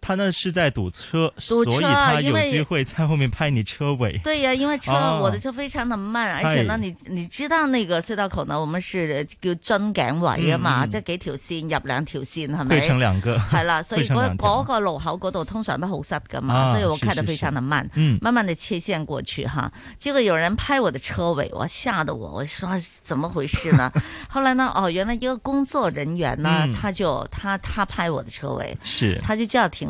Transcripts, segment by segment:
他那是在堵車，堵車所以他有機會在後面拍你車尾。對呀、啊，因為車、哦、我的車非常的慢，而且呢，哎、你你知道那個隧道口呢，我們是叫專“樽頸位”啊嘛，即幾條線入兩條線，係咪？變成兩個，係啦，所以嗰嗰個路口嗰度通常都好塞噶嘛、啊，所以我開得非常的慢是是是，慢慢的切線過去哈、嗯。結果有人拍我的車尾，我吓得我，我說怎麼回事呢？ 後來呢，哦，原來一個工作人員呢，嗯、他就他他拍我的車尾，是，他就叫停。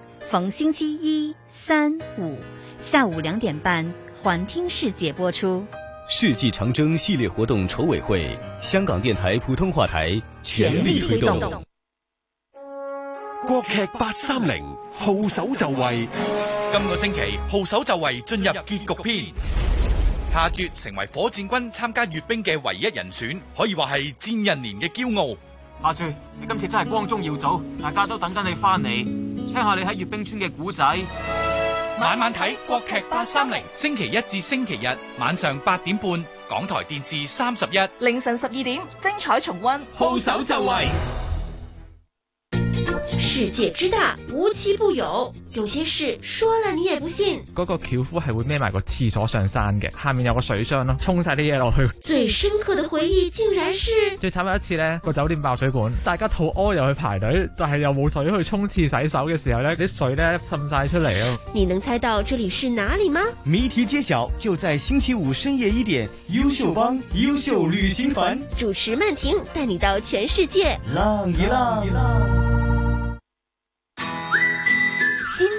逢星期一、三、五下午兩點半，環聽世界播出。世紀長征系列活動籌委會，香港電台普通話台全力推動。國劇八三零號手就位，今個星期號手就位進入結局篇。夏拙成為火箭軍參加閱兵嘅唯一人選，可以話係千人年嘅驕傲。夏拙，你今次真係光宗耀祖，大家都等緊你翻嚟。聽下你喺閱兵村嘅古仔，晚晚睇國劇八三零，星期一至星期日晚上八點半，港台電視三十一，凌晨十二點精彩重溫，號手就位。世界之大，無奇不有。有些事說了你也不信。嗰、那個樵夫係會孭埋個廁所上山嘅，下面有個水箱咯，沖晒啲嘢落去。最深刻的回憶，竟然是最慘，有一次呢個酒店爆水管，大家肚屙又去排隊，但係又冇水去沖廁洗手嘅時候呢，啲水呢滲晒出嚟咯。你能猜到這裏是哪裏嗎？謎題揭曉，就在星期五深夜一點。優秀幫優秀旅行團主持曼婷帶你到全世界，浪一浪一浪。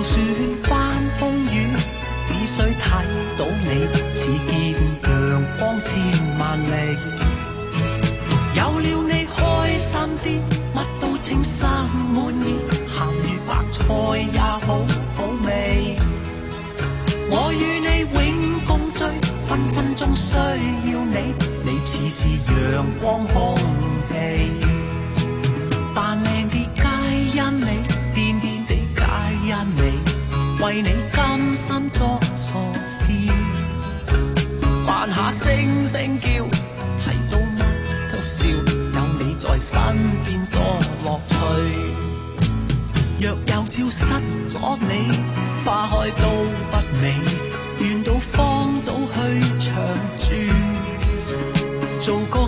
就算翻風雨，只需睇到你，似見陽光千萬里。有了你開心啲，乜都稱心滿意，鹹魚白菜也好好味。我與你永共聚，分分鐘需要你，你似是陽光空氣，扮靚為你甘心做傻事，扮下聲聲叫，睇到乜都笑，有你在身邊多樂趣。若有朝失咗你，花開都不美，願到荒島去長住，做個。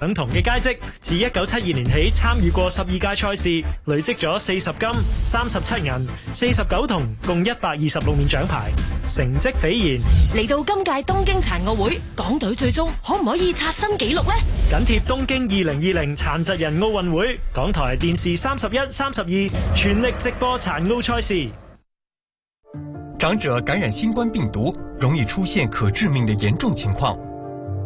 等同嘅階職，自一九七二年起參與過十二屆賽事，累積咗四十金、三十七銀、四十九銅，共一百二十六面獎牌，成績斐然。嚟到今屆東京殘奧會，港隊最終可唔可以刷新紀錄呢？緊貼東京二零二零殘疾人奧運會，港台電視三十一、三十二全力直播殘奧賽事。長者感染新冠病毒，容易出現可致命的嚴重情況。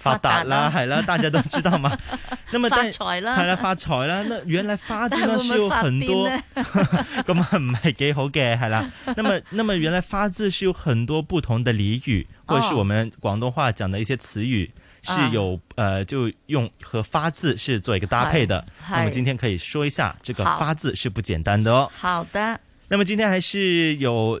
發達啦，係啦， 啦，大家都知道嘛。咁啊，係啦，啦，發財啦、嗯。原來發字是有很多，咁啊唔係幾好嘅，係 啦。咁啊，那麼原來發字是有很多不同的俚語、哦，或者是我們廣東話講的一些詞語、哦，是有，呃，就用和發字是做一個搭配的。哎、那啊，今天可以說一下，這個發字是不簡單的哦。好，好的。那麼今天還是有。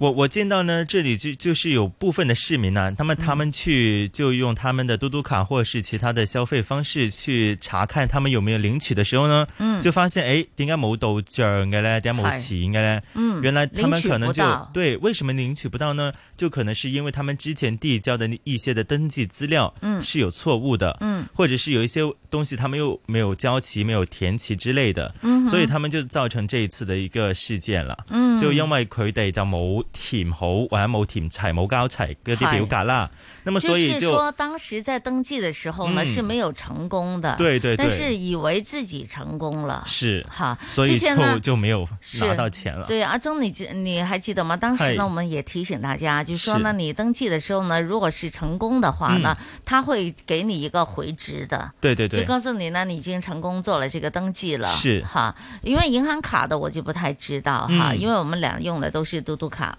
我我見到呢，這裏就就是有部分的市民呢、啊，他們他們去就用他們的嘟嘟卡或者是其他的消費方式去查看他們有沒有領取的時候呢，嗯、就發現哎應點解冇到賬嘅咧，點解冇錢嘅咧？嗯，原來他們可能就對，為什麼領取不到呢？就可能是因為他們之前遞交的一些的登記資料是有錯誤的。嗯，嗯，或者是有一些東西他們又沒有交齊、沒有填齊之類的嗯，所以他們就造成這一次的一個事件了嗯，就因為佢哋叫某填好或者冇填齊冇交齊嗰啲表格啦。咁所以就，就是，說當時在登記的時候呢，嗯，是沒有成功的。對對，對，但是以為自己成功了，是，哈，所以之後就沒有拿到錢了對，阿中，你記你還記得嗎？當時呢，Hai, 我們也提醒大家，就是說呢是，你登記的時候呢，如果是成功的話呢，他，嗯，會給你一個回執的。對對對，就告訴你呢，你已經成功做了這個登記了。是，哈，因為銀行卡的我就不太知道哈， 因為我們倆用的都是嘟嘟卡。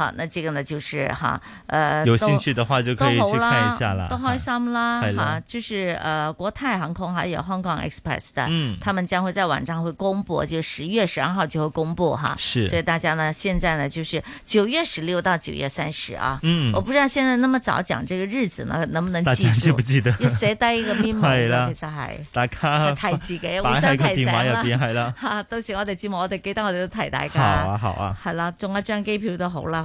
好，那這個呢，就是哈、啊，呃有興趣的話就可以去看一下好啦，都開心啦，吓、啊啊，就是呃國泰航空還有香港 Express 的，嗯，他們將會在晚上會公布，就十、是、十一月十二號就會公布哈、啊，是，所以大家呢，現在呢，就是九月十六到九月三十啊，嗯，我不知道現在那麼早講這個日子呢，能不能記住？記不記得？要寫低一個密碼啦，其實係，大家太太開自己、啊，我喺個電話入邊係啦，吓，到時我哋節目我哋記得我哋都提大家，好啊好啊，係啦，中一張機票都好啦。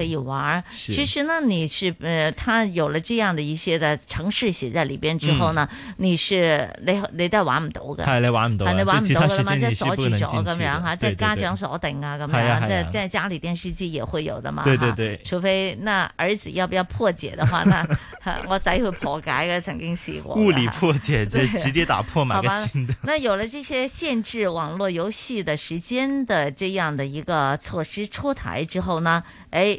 可以玩，其實呢，你是呃，他有了這樣的一些的城市寫在裏邊之後呢，嗯、你是你你都玩不到的。係你玩不到，係、啊、你玩不到噶嘛？即係鎖住咗咁樣哈？即係家長鎖定啊咁樣，即係即係家裏電視機也會有的嘛？對對對，啊、除非那兒子要不要破解的話， 那我仔會破解的。 曾經試過 物理破解，直接打破嘛，買個新的。 好吧，那有了這些限制網絡遊戲的時間的這樣的一個措施出台之後呢，哎。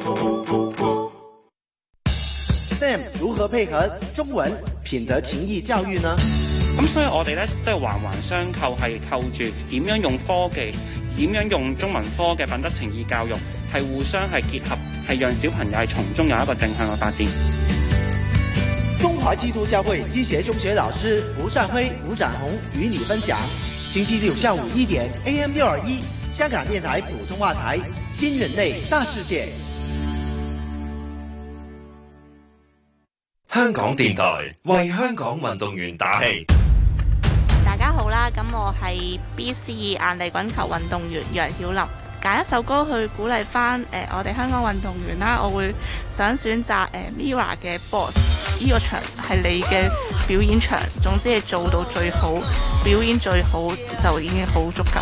Sam, 如何配合中文品德情意教育呢？咁所以我們呢，我哋咧都係環環相扣，係扣住點樣用科技，點樣用中文科嘅品德情意教育，係互相係結合，係讓小朋友係從中有一個正向嘅發展。中華基督教會基協中學老師吳善輝、吳展宏與你分享。星期六下午一點，AM 六二一，香港電台普通話台《新人類大世界》。香港電台為香港運動員打氣。大家好啦，咁我係 B C 二硬地滾球運動員楊曉琳。揀一首歌去鼓勵翻，誒我哋香港運動員啦。我會想選擇誒 MIRROR 嘅 Boss，呢個場係你嘅表演場，總之係做到最好，表演最好就已經好足夠。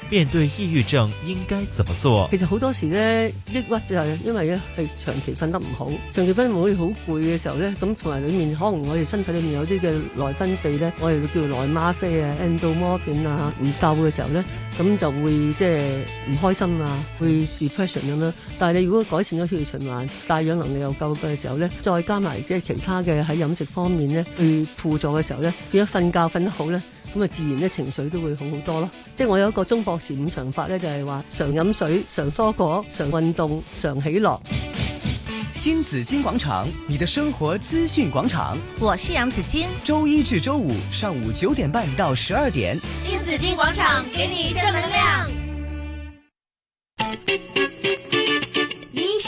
面對抑鬱症應該怎麼做？其實好多時咧，抑鬱就係因為咧係長期瞓得唔好，長期瞓唔好，好攰嘅時候咧，咁同埋裏面可能我哋身體裏面有啲嘅內分泌咧，我哋叫內嗎啡啊、endorphin 啊，唔夠嘅時候咧，咁就會即係唔開心啊，會 depression 咁樣。但係你如果改善咗血液循環、帶氧能力又夠嘅時候咧，再加埋即係其他嘅喺飲食方面咧去輔助嘅時候咧，如果瞓覺瞓得好咧。咁啊，自然咧情緒都會好好多咯。即係我有一個中博士五常法咧，就係話常飲水、常蔬果、常運動、常喜樂。新紫荊廣場，你的生活資訊廣場，我是楊子矜。周一至周五上午九點半到十二點。新紫荊廣場，給你正能量。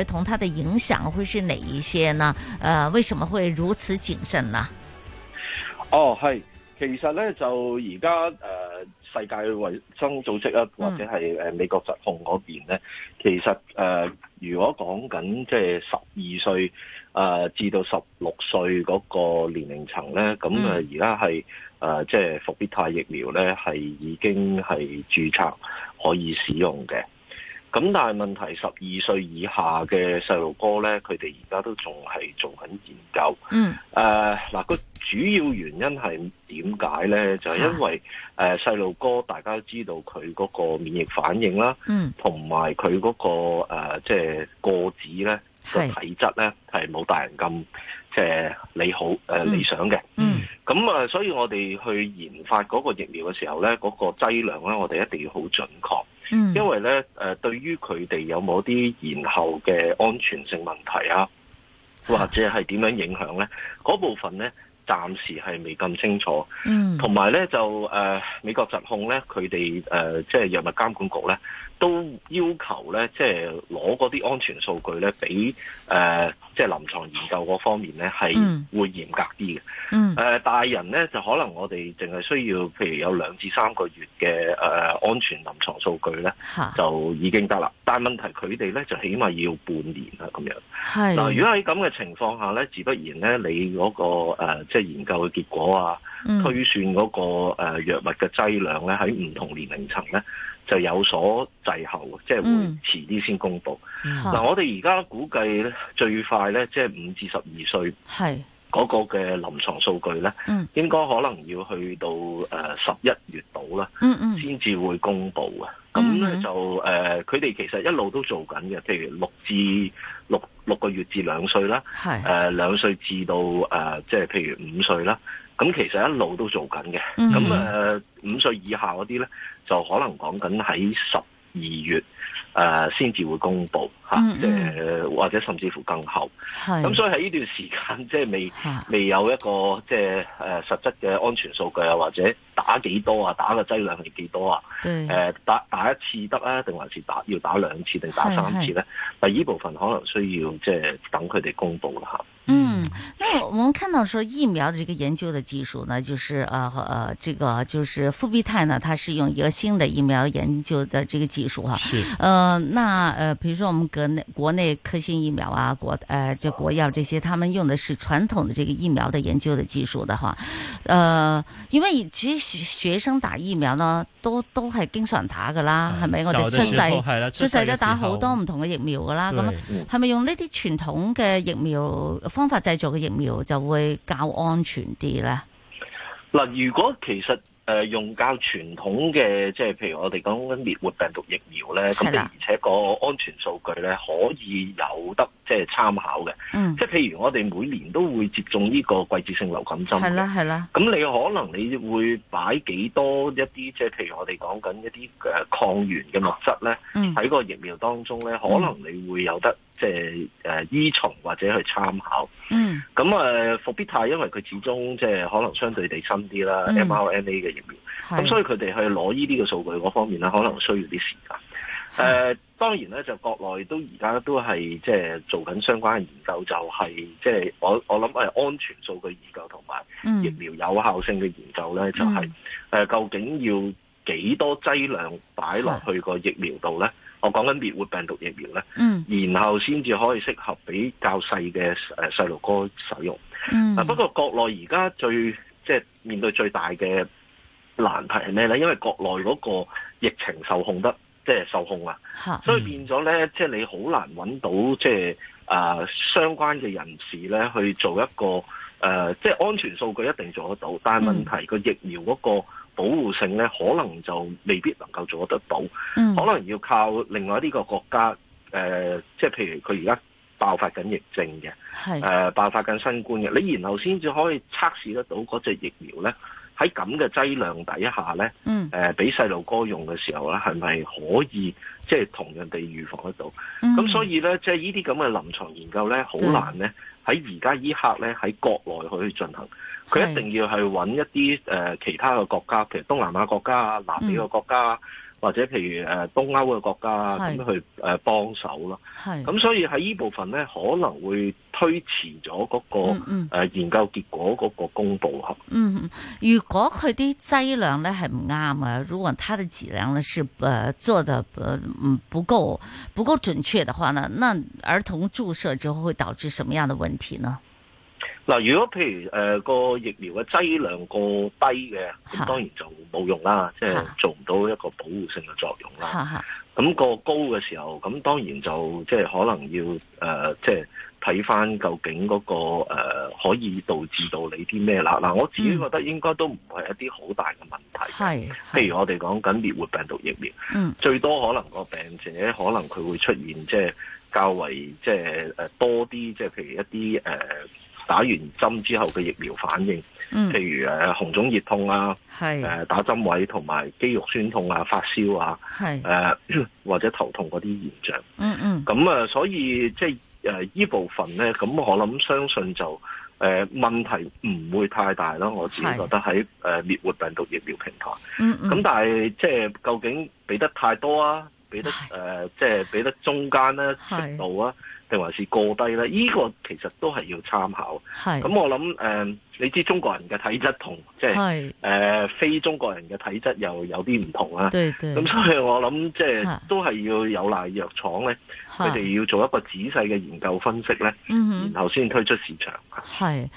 兒童他的影響會是哪一些呢？呃，為什麼會如此謹慎呢？哦，係，其實咧就而家誒，世界衛生組織啊，或者係誒美國疾控嗰邊咧、嗯，其實誒、呃，如果講緊即係十二歲誒、呃、至到十六歲嗰個年齡層咧，咁誒而家係誒即係復必泰疫苗咧係已經係註冊可以使用嘅。咁但係問題，十二歲以下嘅細路哥咧，佢哋而家都仲係做緊研究。嗯。嗱、呃，個主要原因係點解咧？就係、是、因為誒細路哥，大家都知道佢嗰個免疫反應啦。嗯。同埋佢嗰個即係、呃就是、個子咧個體質咧，係冇大人咁即係你好理想嘅。嗯。咁啊，所以我哋去研發嗰個疫苗嘅時候咧，嗰、那個劑量咧，我哋一定要好準確。因為咧，誒，對於佢哋有冇啲延後嘅安全性問題啊，或者係點樣影響咧，嗰部分咧，暫時係未咁清楚。嗯，同埋咧就誒、呃，美國疾控咧，佢哋誒，即、呃、係、就是、藥物監管局咧。都要求咧，即係攞嗰啲安全數據咧，比即係、呃即係、臨床研究嗰方面咧，係會嚴格啲嘅、嗯嗯呃。大人咧，就可能我哋淨係需要，譬如有兩至三個月嘅、呃、安全臨床數據咧，就已經得啦。但係問題呢，佢哋咧就起碼要半年啦，咁樣。係嗱、呃，如果喺咁嘅情況下咧，自不然咧，你嗰、嗰個即係、呃即係、研究嘅結果啊，嗯、推算嗰、嗰個誒、呃、藥物嘅劑量咧，喺唔同年齡層咧。就有所滯後，即係會遲啲先公布。嗱，嗯，我哋而家估計咧，最快咧，即係五至十二歲，係嗰個嘅臨床數據咧，應該可能要去到誒十一月度啦，嗯嗯，先至會公布嘅。咁，嗯，咧就誒，佢哋其實一路都做緊嘅。譬如六至六六個月至兩歲啦，係誒兩歲至到誒即係譬如五歲啦，咁其實一路都做緊嘅。咁誒五歲以下嗰啲咧。就可能講緊喺十二月誒先至會公布，啊嗯、或者甚至乎更後。咁所以喺呢段時間即係未未有一個即係誒、呃、實質嘅安全數據啊，或者。打幾多啊？打個劑量係幾多啊？誒打、呃、打一次得啊？定還是打要打兩次定打三次呢？第二部分可能需要即係、呃、等佢哋公布啦嗯，那我們看到，說疫苗的這個研究的技術呢，就是，呃，呃，這個就是復必泰呢，它是用一個新的疫苗研究的這個技術哈。是。呃，那，呃，比如說我們國內國內科興疫苗啊，國，呃就國藥這些，他們用的是傳統的這個疫苗的研究的技術的哈。呃，因為其實。學生打疫苗咯，都都係經常打噶啦，係咪？我哋出世出世都打好多唔同嘅疫苗噶啦，咁係咪用呢啲傳統嘅疫苗方法製造嘅疫苗就會較安全啲呢？嗱，如果其實。誒，用較傳統嘅，即係譬如我哋講緊滅活病毒疫苗咧，咁而且個安全數據咧，可以有得即係、就是、參考嘅。嗯，即係譬如我哋每年都會接種呢個季節性流感針。係啦，係啦。咁你可能你會擺幾多一啲，即係譬如我哋講緊一啲誒，抗原嘅物質咧，喺、嗯、個疫苗當中咧，可能你會有得。即係誒依從或者去參考，咁誒復必泰，因為佢始終即係可能相對地深啲啦。嗯、mRNA 嘅疫苗，咁所以佢哋去攞呢啲嘅數據嗰方面咧，可能需要啲時間。誒、呃、當然咧，就國內都而家都係即係做緊相關嘅研究、就係，就係即係我我諗係安全數據研究同埋疫苗有效性嘅研究咧、嗯，就係、是嗯呃、究竟要幾多劑量擺落去個疫苗度咧？我講緊滅活病毒疫苗咧、嗯，然後先至可以適合比較細嘅誒細路哥使用。嗱、嗯，不過國內而家最即係面對最大嘅難題係咩咧？因為國內嗰個疫情受控得即係受控啊、嗯，所以變咗咧，即係你好難揾到即係啊相關嘅人士咧去做一個誒，即係安全數據一定做得到，但係問題個、嗯、疫苗嗰個，保護性咧，可能就未必能夠做得到，嗯、可能要靠另外一個國家，誒、呃，即係譬如佢而家爆發緊疫症嘅，係誒、呃、爆發緊新冠嘅，你然後先至可以測試得到嗰隻疫苗咧，喺咁嘅劑量底下咧，誒、呃，俾細路哥用嘅時候咧，係、嗯、咪可以即係同人哋預防得到？咁、嗯、所以咧，即係呢啲咁嘅臨床研究咧，好難咧，喺而家依刻咧，喺國內去進行。佢一定要係揾一啲誒、呃、其他嘅國家，譬如東南亞國家、南美嘅國家、嗯，或者譬如誒東歐嘅國家，咁、嗯、去誒幫手咯。係咁，所以喺呢部分咧，可能會推遲咗嗰、嗰個、嗯嗯呃、研究結果嗰個公佈。嗯嗯，如果佢啲劑量咧係唔啱嘅，如果佢嘅劑量是誒做得不唔唔夠唔夠準確嘅話呢？那兒童注射之後會導致什麼樣嘅問題呢？嗱，如果譬如誒個、呃、疫苗嘅劑量過低嘅，咁當然就冇用啦，即係做唔到一個保護性嘅作用啦。咁過高嘅時候，咁當然就即係可能要誒、呃，即係睇翻究竟嗰、那個、呃、可以導致到你啲咩啦。嗱、呃，我自己覺得應該都唔係一啲好大嘅問題。係，譬如我哋講緊滅活病毒疫苗，嗯，最多可能個病情咧，可能佢會出現即係較為即係多啲，即係、呃、譬如一啲誒。呃打完針之後嘅疫苗反應，嗯、譬如誒、呃、紅腫熱痛啊，呃、打針位同埋肌肉酸痛啊、發燒啊，呃、或者頭痛嗰啲現象。嗯嗯。咁啊，所以即係誒依部分咧，咁我諗相信就誒、呃、問題唔會太大咯。我自己覺得喺誒、呃、滅活病毒疫苗平台。咁、嗯嗯、但係即係究竟俾得太多啊？俾得誒即係俾得中間咧、啊、程度啊？定還是過低咧？依個其實都係要參考。係。咁我諗誒。Um 你知中國人嘅體質同即係誒、呃、非中國人嘅體質又有啲唔同啦、啊。對對，對。咁、嗯、所以我諗即係都係要有賴藥廠咧，佢哋要做一個仔細嘅研究分析咧，然後先推出市場。係，誒，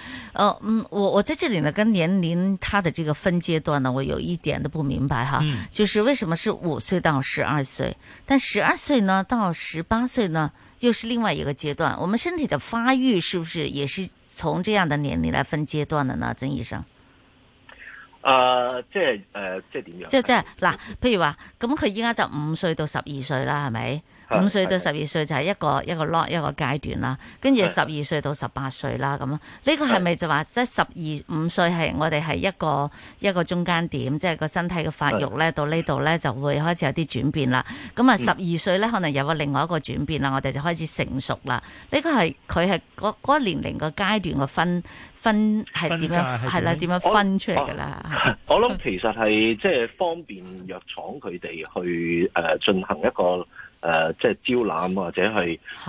嗯，我我在這裏呢，跟年齡，它的這個分階段呢，我有一點都不明白哈。嗯、就是為什麼是五歲到十二歲，但十二歲呢到十八歲呢又是另外一個階段？我們身體的發育是不是也是？從這樣的年齡來分階段的呢，曾醫生。誒、呃，即係誒，即係點樣？即係即係嗱，譬如話，咁佢應該就五歲到十二歲啦，係咪？五歲到十二歲就係一個一個 lock、這個、一個階段啦，跟住十二歲到十八歲啦。咁呢個係咪就話即係十二五歲係我哋係一個一個中間點，即係個身體嘅發育呢到呢度呢就會開始有啲轉變啦。咁啊，十二歲呢、嗯、可能有個另外一個轉變啦，我哋就開始成熟啦。呢、這個係佢係嗰個年齡個階段個分分係點樣係啦？點樣，樣，樣分出嚟噶啦？我諗其實係即係方便藥廠佢哋去誒進、呃、行一個。誒、呃，即係招攬或者係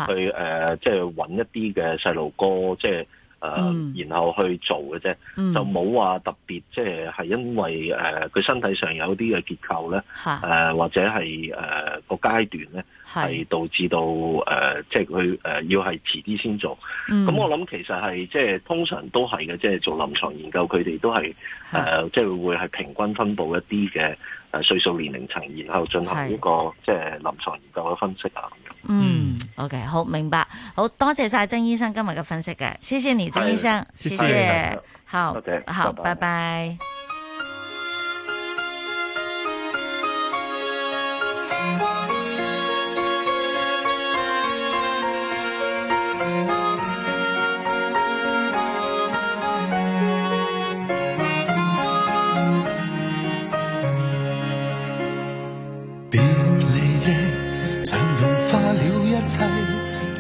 去誒、呃，即係搵一啲嘅細路哥，即係誒、呃嗯，然後去做嘅啫，嗯，就冇話特別，即係係因為誒佢、呃、身體上有啲嘅結構咧，誒、呃、或者係誒個階段咧，係導致到誒、呃、即係佢誒要係遲啲先做。咁、嗯嗯、我諗其實係即係通常都係嘅，即係做臨床研究，佢哋都係誒、呃、即係會係平均分佈一啲嘅。誒，歲數年齡層，然後進行呢個即係臨床研究嘅分析啊，咁樣。嗯，嗯，OK，好明白，好多謝晒曾醫生今日嘅分析嘅，謝謝你曾醫生，謝謝，好，okay, 好，好，拜拜。Bye bye 嗯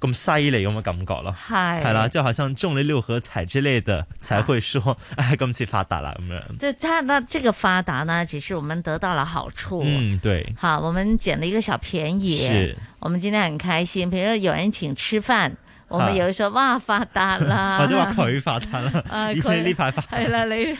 咁犀利咁嘅感覺咯，係，係啦，就好像中咗六合彩之類的，啊、才會說，唉，今次發達啦咁樣。對，但係呢，這個發達呢，只是我們得到了好處。嗯，對。好，我們撿了一個小便宜是，我們今天很開心，譬如有人請吃飯。 我們有時候哇發達啦， 或者話佢發達啦，依呢呢排發係啦你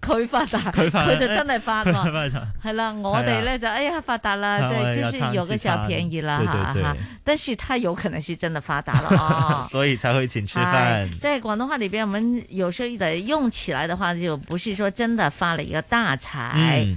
佢發達，佢 就真係發達。係、欸、啦，我哋咧就了哎呀發達啦，即係就算有個小便宜啦嚇嚇，但是他有可能是真的發達了哦， 所以才會請吃飯對。在廣東話裡邊，我們有時候用起來的話，就不是說真的發了一個大財。嗯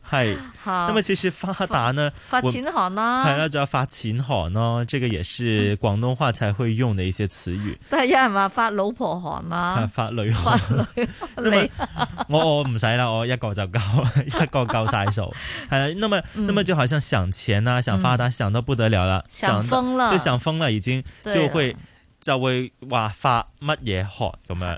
係，好。那麼其實發達呢，發錢寒啦，係啦，仲有「發錢寒咯、啊啊，這個也是廣東話才會用的一些詞語。但係有人話發老婆寒嘛、啊，發女寒。女 那麼 我我唔使啦，我一個就夠， 一個夠晒數。係 啦，那麼那麼就好像想錢啊、嗯、想發達，想到不得了啦，想瘋啦，就想瘋啦，已經就會話發乜嘢寒咁樣。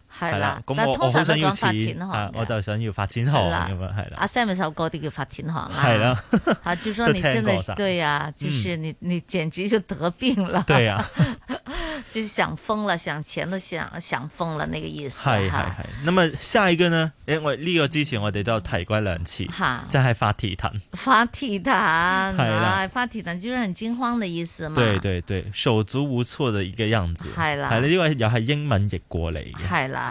係啦，咁我好就想要發錢、啊、我就想要發錢寒咁樣係啦。阿 Sam 首歌啲叫發錢寒啦。係啦，阿朱生你真係 對啊，就是你、嗯、你簡直就得病啦。對啊， 就是想瘋了，想錢都想想瘋了，那個意思。係係係。那麼下一個呢？誒，我、這、呢個之前我哋都有提過兩次，吓，就係發蹄騰。發蹄騰係啦，發蹄騰就係好驚慌的意思嘛。對對對，手足無措的一個樣子。係啦，係啦，另外又係英文譯過嚟。係啦。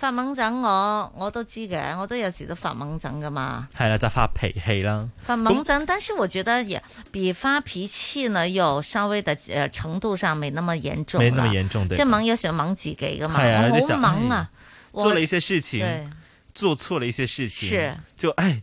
發懵憎，我我都知嘅，我都有時都發懵憎噶嘛。係啦，就發脾氣啦。發懵憎，但是我覺得也比發脾氣呢，又稍微的、呃、程度上沒那麼嚴重。沒那麼嚴重，對。即係懵，有時懵自己嘅嘛，哎、呀我好忙啊、哎呀，做了一些事情我對，做錯了一些事情，是就哎。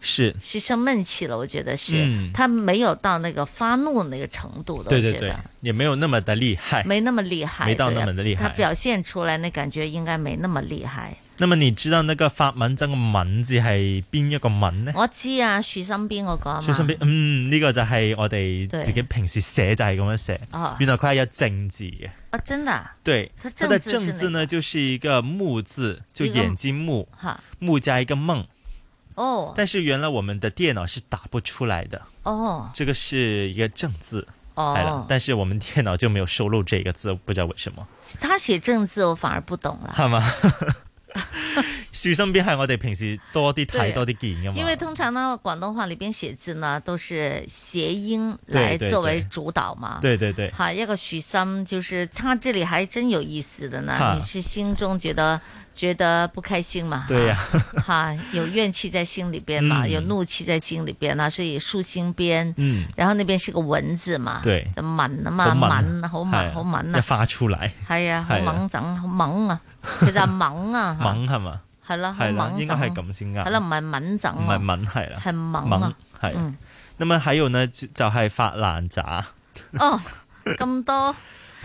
是是生悶氣了，我覺得是，他、嗯、沒有到那個發怒那個程度的，我覺得也沒有那麼的厲害，沒那麼厲害，沒到那麼的厲害。他、啊、表現出來、啊、那個、感覺應該沒那麼厲害。那麼你知道那個發文章的文字是邊一個文呢？我知啊，徐生邊我講徐生邊，嗯，呢、這個就係我哋自己平時寫就係咁樣寫。哦，原來佢係有正字嘅、哦。真的、啊？對，佢嘅正，正字呢就是一個目字，就眼睛目、這個、哈，目加一個夢。哦，但是原來我們的電腦是打不出來的。哦，這個是一個正字。哦，但是我們電腦就沒有收錄這個字，不知道為什麼。他寫正字，我反而不懂了。係嘛？ 許生，邊係我哋平時多啲睇多啲見噶嘛。因為通常呢，廣東話裏邊寫字呢，都是諧音來作為主導嘛。對對對。對對對好，一個許生，就是他這裏還真有意思的呢。你是心中覺得？覺得不開心嘛？對呀、啊啊，哈、 嗯，有怨氣在心裏邊嘛，有怒氣在心裏邊，所以豎心邊。嗯，然後那邊是個文字嘛，對，就文啊嘛，文好文，好文啊。一發出來。係、哎、啊，啊，啊，啊，猛整，好猛啊，其實猛，啊，啊，猛，猛啊。猛係嘛？係啦，係啦，應該係咁先噶。係啦，唔係猛整，唔係猛係啦，係猛啊，係、啊啊啊嗯。那麼還有呢，就係、是、發爛渣。哦，咁多。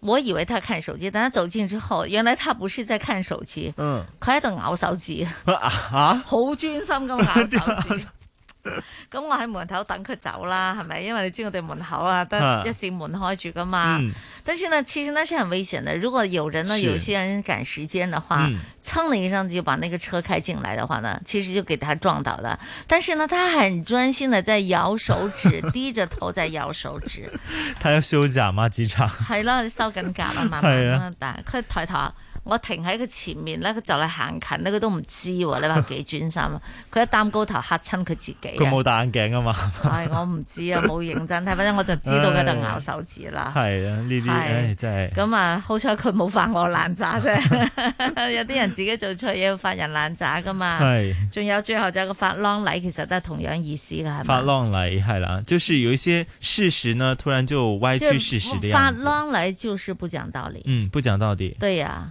我以為他看手機，但他走近之後，原來他不是在看手機，佢喺度咬手指，啊，好專心咁咬手指。侯軍三 咁我喺門口等佢走啦，係、嗯、咪？因為你知我哋門口啊，得一扇門開住噶嘛。但是呢，其實呢，是很危險的。如果有人呢，有些人趕時間的話，嗯、蹭了一聲就把那個車開進來的話呢，其實就給他撞倒了，但是呢，他很專心的在搖手指， 低着頭在搖手指。他要休假嗎？機場係啦，修 緊甲啦，慢慢咁打，快 抬抬。我停喺佢前面咧，佢就嚟行近咧，佢都唔知喎。你話幾專心啊？佢 一擔高頭嚇親佢自己。佢冇戴眼鏡啊嘛。係、哎、我唔知啊，冇 認真睇，反正我就知道佢喺度咬手指啦。係、 哎、啊，呢啲、哎、真係。咁啊，好彩佢冇發我爛渣啫。 有啲人自己做錯嘢要發人爛渣噶嘛。係。仲有最後就係個發狼戾，其實都係同樣意思噶，係嘛？發狼戾係啦，就是有一些事實呢，突然就歪曲事實的樣子。發狼戾就是不講道理。嗯，不講道理。對啊。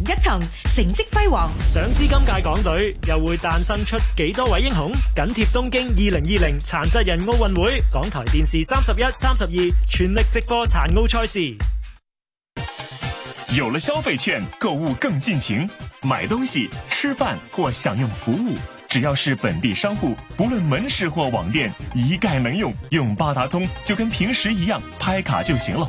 一騰成績輝煌，想知今屆港隊又會誕生出幾多位英雄？緊貼東京二零二零殘疾人奧運會，港台電視三十一、三十二全力直播殘奧賽事。有了消費券，購物更盡情。買東西、吃飯或享用服務，只要是本地商戶，不論門市或網店，一概能用。用八達通就跟平時一樣，拍卡就行了。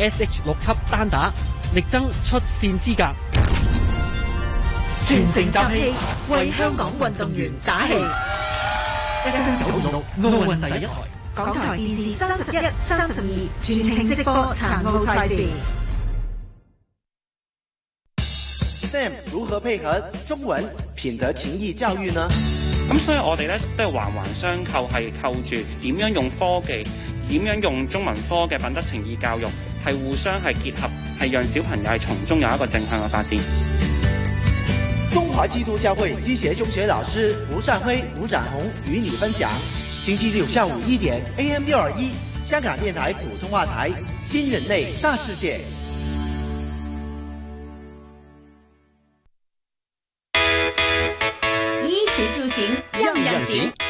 S H 六級單打力爭出線資格，全城集氣為香港運動員打氣。SH96, 奧運一台、港台電視三十一、三十二全程直播殘奧賽事。Sam 如何配合中文品德情意教育呢？咁所以我哋咧都係環環相扣，係扣住點樣用科技，點樣用中文科嘅品德情意教育。係互相係結合，係讓小朋友係從中有一個正向嘅發展。中華基督教會基協中學老師吳善輝、吳展宏與你分享，星期六下午一點，AM 六二一，香港電台普通話台，《新人類大世界》，衣食住行，樣樣行。要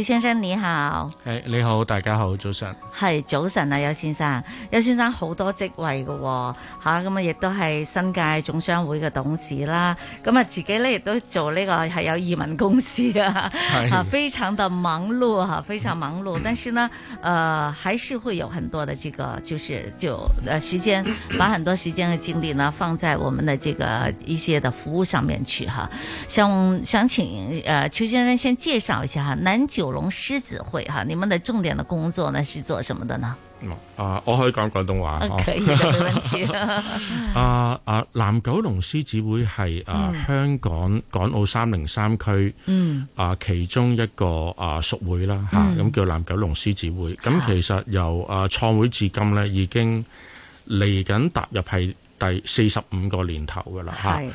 邱先生你好，誒、hey, 你好，大家好，早晨，係早晨啊，邱先生，邱先生好多職位嘅、哦，吓咁啊，亦都係新界總商會嘅董事啦，咁啊自己咧亦都做呢、這個係、啊、有移民公司啊，hey. 啊，非常的忙碌啊，非常忙碌，但是呢，誒、呃，還是會有很多的這個，就是就誒時間，把很多時間和精力呢，放在我們的這個一些的服務上面去哈、啊，想想請誒邱先生先介紹一下哈，南九。龍獅子會哈，你們的重點的工作呢是做什麼的呢？啊、呃，我可以講廣東話。可以的，冇問題。啊 啊、呃呃，南九龍獅子會係啊、呃嗯、香港港澳三零三區嗯啊其中一個啊屬、呃、會啦吓，咁、呃、叫南九龍獅子會。咁、嗯呃、其實由啊創、呃、會至今咧，已經嚟緊踏入係第四十五個年頭噶啦，係。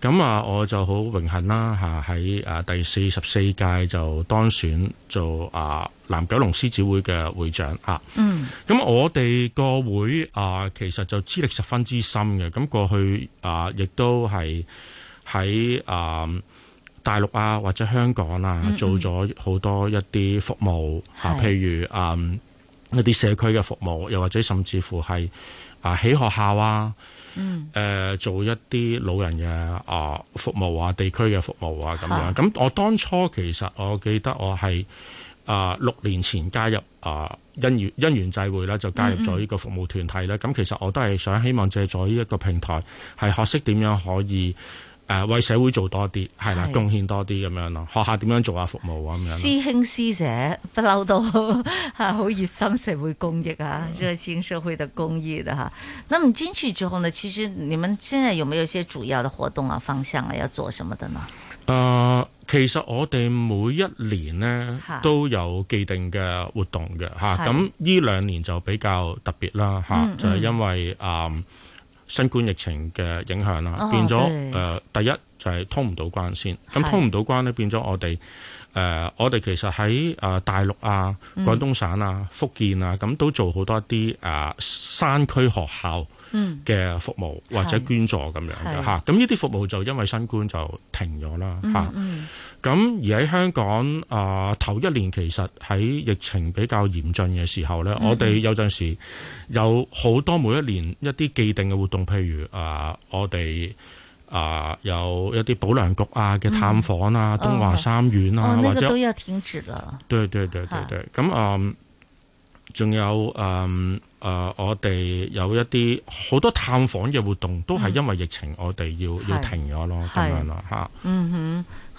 咁啊，我就好榮幸啦嚇，喺啊第四十四屆就當選做啊南九龍獅子會嘅會長啊。嗯。咁我哋個會啊，其實就資歷十分之深嘅。咁過去啊，亦都係喺啊大陸啊或者香港啊做咗好多一啲服務啊、嗯嗯，譬如啊一啲社區嘅服務，又或者甚至乎係啊喺學校啊。誒、呃、做一啲老人嘅啊、呃、服務啊，地區嘅服務啊咁樣，咁、啊、我當初其實我記得我係啊六年前加入啊，因緣因緣際會咧，就加入咗呢個服務團體咧。咁、嗯嗯、其實我都係想希望借助呢一個平台，係學識點樣可以。誒、呃、為社會做多啲，係啦，貢獻多啲咁樣咯，學下點樣做下服務啊咁樣。師兄師姐不嬲都係、啊、好熱心社會公益噶、啊，熱心社會嘅公益的、啊、哈。咁進去之後呢，其實你們現在有沒有一些主要嘅活動啊、方向啊要做什麼的呢？誒、呃，其實我哋每一年呢都有既定嘅活動嘅嚇，咁呢、啊、兩年就比較特別啦嚇、啊，就係、是、因為誒。嗯嗯啊新冠疫情嘅影響啦，變咗誒，第一就係、是、通唔到關先關。咁通唔到關咧，變咗我哋誒、呃，我哋其實喺誒大陸啊、廣東省啊、嗯、福建啊，咁都做好多啲誒、啊、山區學校。嘅、嗯、服務或者捐助咁樣嘅嚇，咁呢啲服務就因為新冠就停咗啦嚇。咁、嗯啊嗯、而喺香港啊、呃，頭一年其實喺疫情比較嚴峻嘅時候咧、嗯，我哋有陣時有好多每一年一啲既定嘅活動，譬如啊、呃，我哋啊、呃、有一啲保良局啊嘅探訪啊、嗯，東華三院啊，嗯、或者、哦那個、都要停止啦。對對對對對，咁啊。仲有誒誒、嗯呃，我哋有一啲好多探訪嘅活動，都係因為疫情，我哋要、嗯、要停咗咯，咁樣咯嚇。嗯哼。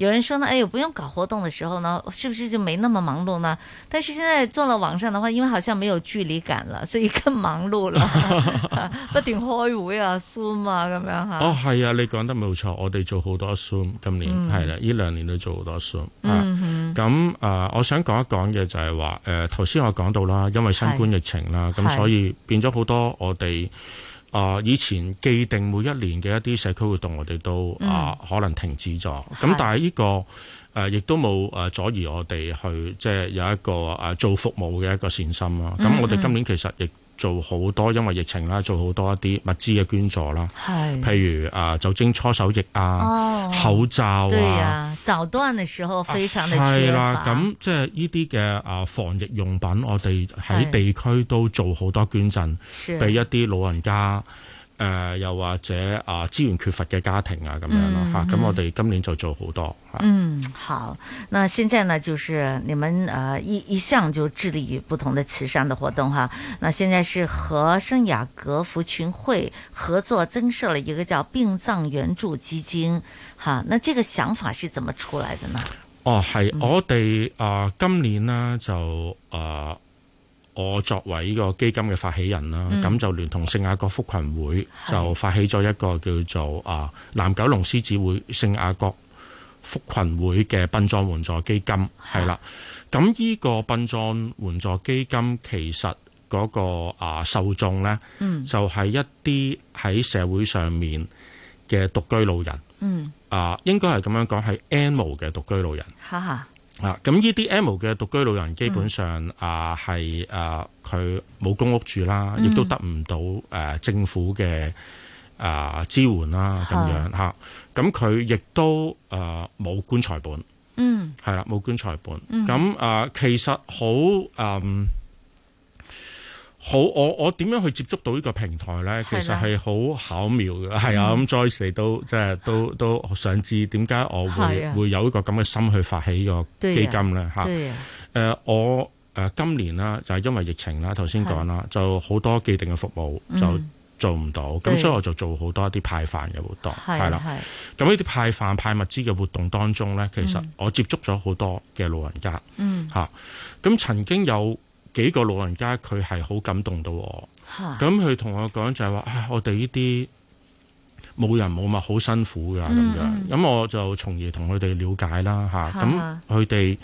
有人說呢，哎呦，不用搞活動的時候呢，是不是就沒那麼忙碌呢？但是現在做了網上的話，因為好像沒有距離感了，所以更忙碌了， 不斷開會啊，Zoom 啊咁樣吓。哦，係啊，你講得冇錯，我哋做好多 Zoom，今年係啦，呢、嗯啊、兩年都做好多 Zoom。嗯咁啊、呃，我想講一講嘅就係話，誒、呃，頭先我講到啦，因為新冠疫情啦，咁所以變咗好多我哋。啊、呃、以前既定每一年嘅一啲社區活動，我哋都啊、呃、可能停止咗。咁、嗯、但係、這、呢個誒、呃、亦都冇誒、呃、阻礙我哋去即係有一個誒、呃、做服務嘅一個善心啦。咁我哋今年其實亦～做好多，因為疫情啦，做好多一啲物資嘅捐助啦，譬如啊、呃、酒精搓手液啊、哦、口罩啊。啊，早段的時候非常的缺乏。係啦，咁、啊啊、即係呢啲嘅啊防疫用品，我哋喺地區都做好多捐贈，俾一啲老人家。誒、呃、又或者啊資源缺乏嘅家庭啊咁樣咯嚇，咁、嗯啊、我哋今年就做好多、啊、嗯，好，那現在呢，就是你們啊、呃、一一向就致力於不同的慈善的活動哈、啊。那現在是和聖雅各福群會合作增設了一個叫殯葬援助基金哈、啊。那這個想法是怎麼出來的呢？哦，係、嗯、我哋啊、呃，今年呢就啊。呃我作為呢個基金嘅發起人啦，咁、嗯、就聯同聖雅各福群會就發起咗一個叫做啊南九龍獅子會聖雅各福群會嘅殯葬援助基金，係啦。咁呢個殯葬援助基金其實嗰個啊受眾呢、嗯、就係、是、一啲喺社會上面嘅獨居老人，嗯啊，應該係咁樣講係 NMO 嘅獨居老人。哈哈。啊，咁呢啲 M 嘅獨居老人基本上、嗯、啊，係誒佢冇公屋住啦，亦都得唔到誒、啊、政府嘅啊支援啦咁樣吓，咁佢亦都誒冇、啊、棺材本，嗯，係啦冇棺材本，咁、嗯、啊，其實好誒。嗯好，我我點樣去接觸到呢個平台咧？其實係好巧妙嘅，係啊。咁 Joyce 都，即、嗯、係都都，都想知點解我會會有一個咁嘅心去發起呢個基金咧？吓，誒、啊，我誒、呃、今年啦，就係因為疫情啦，頭先講啦，就好多既定嘅服務就做唔到，咁、嗯、所以我就做好多一啲派飯嘅活動，係啦。咁呢啲派飯派物資嘅活動當中咧，其實、嗯、我接觸咗好多嘅老人家，嗯吓，咁、啊、曾經有。幾個老人家佢係好感動到我，咁佢同我講就係話：唉，我哋呢啲冇人冇物，好辛苦噶咁樣。咁、嗯嗯、我就從而同佢哋了解啦吓，咁佢哋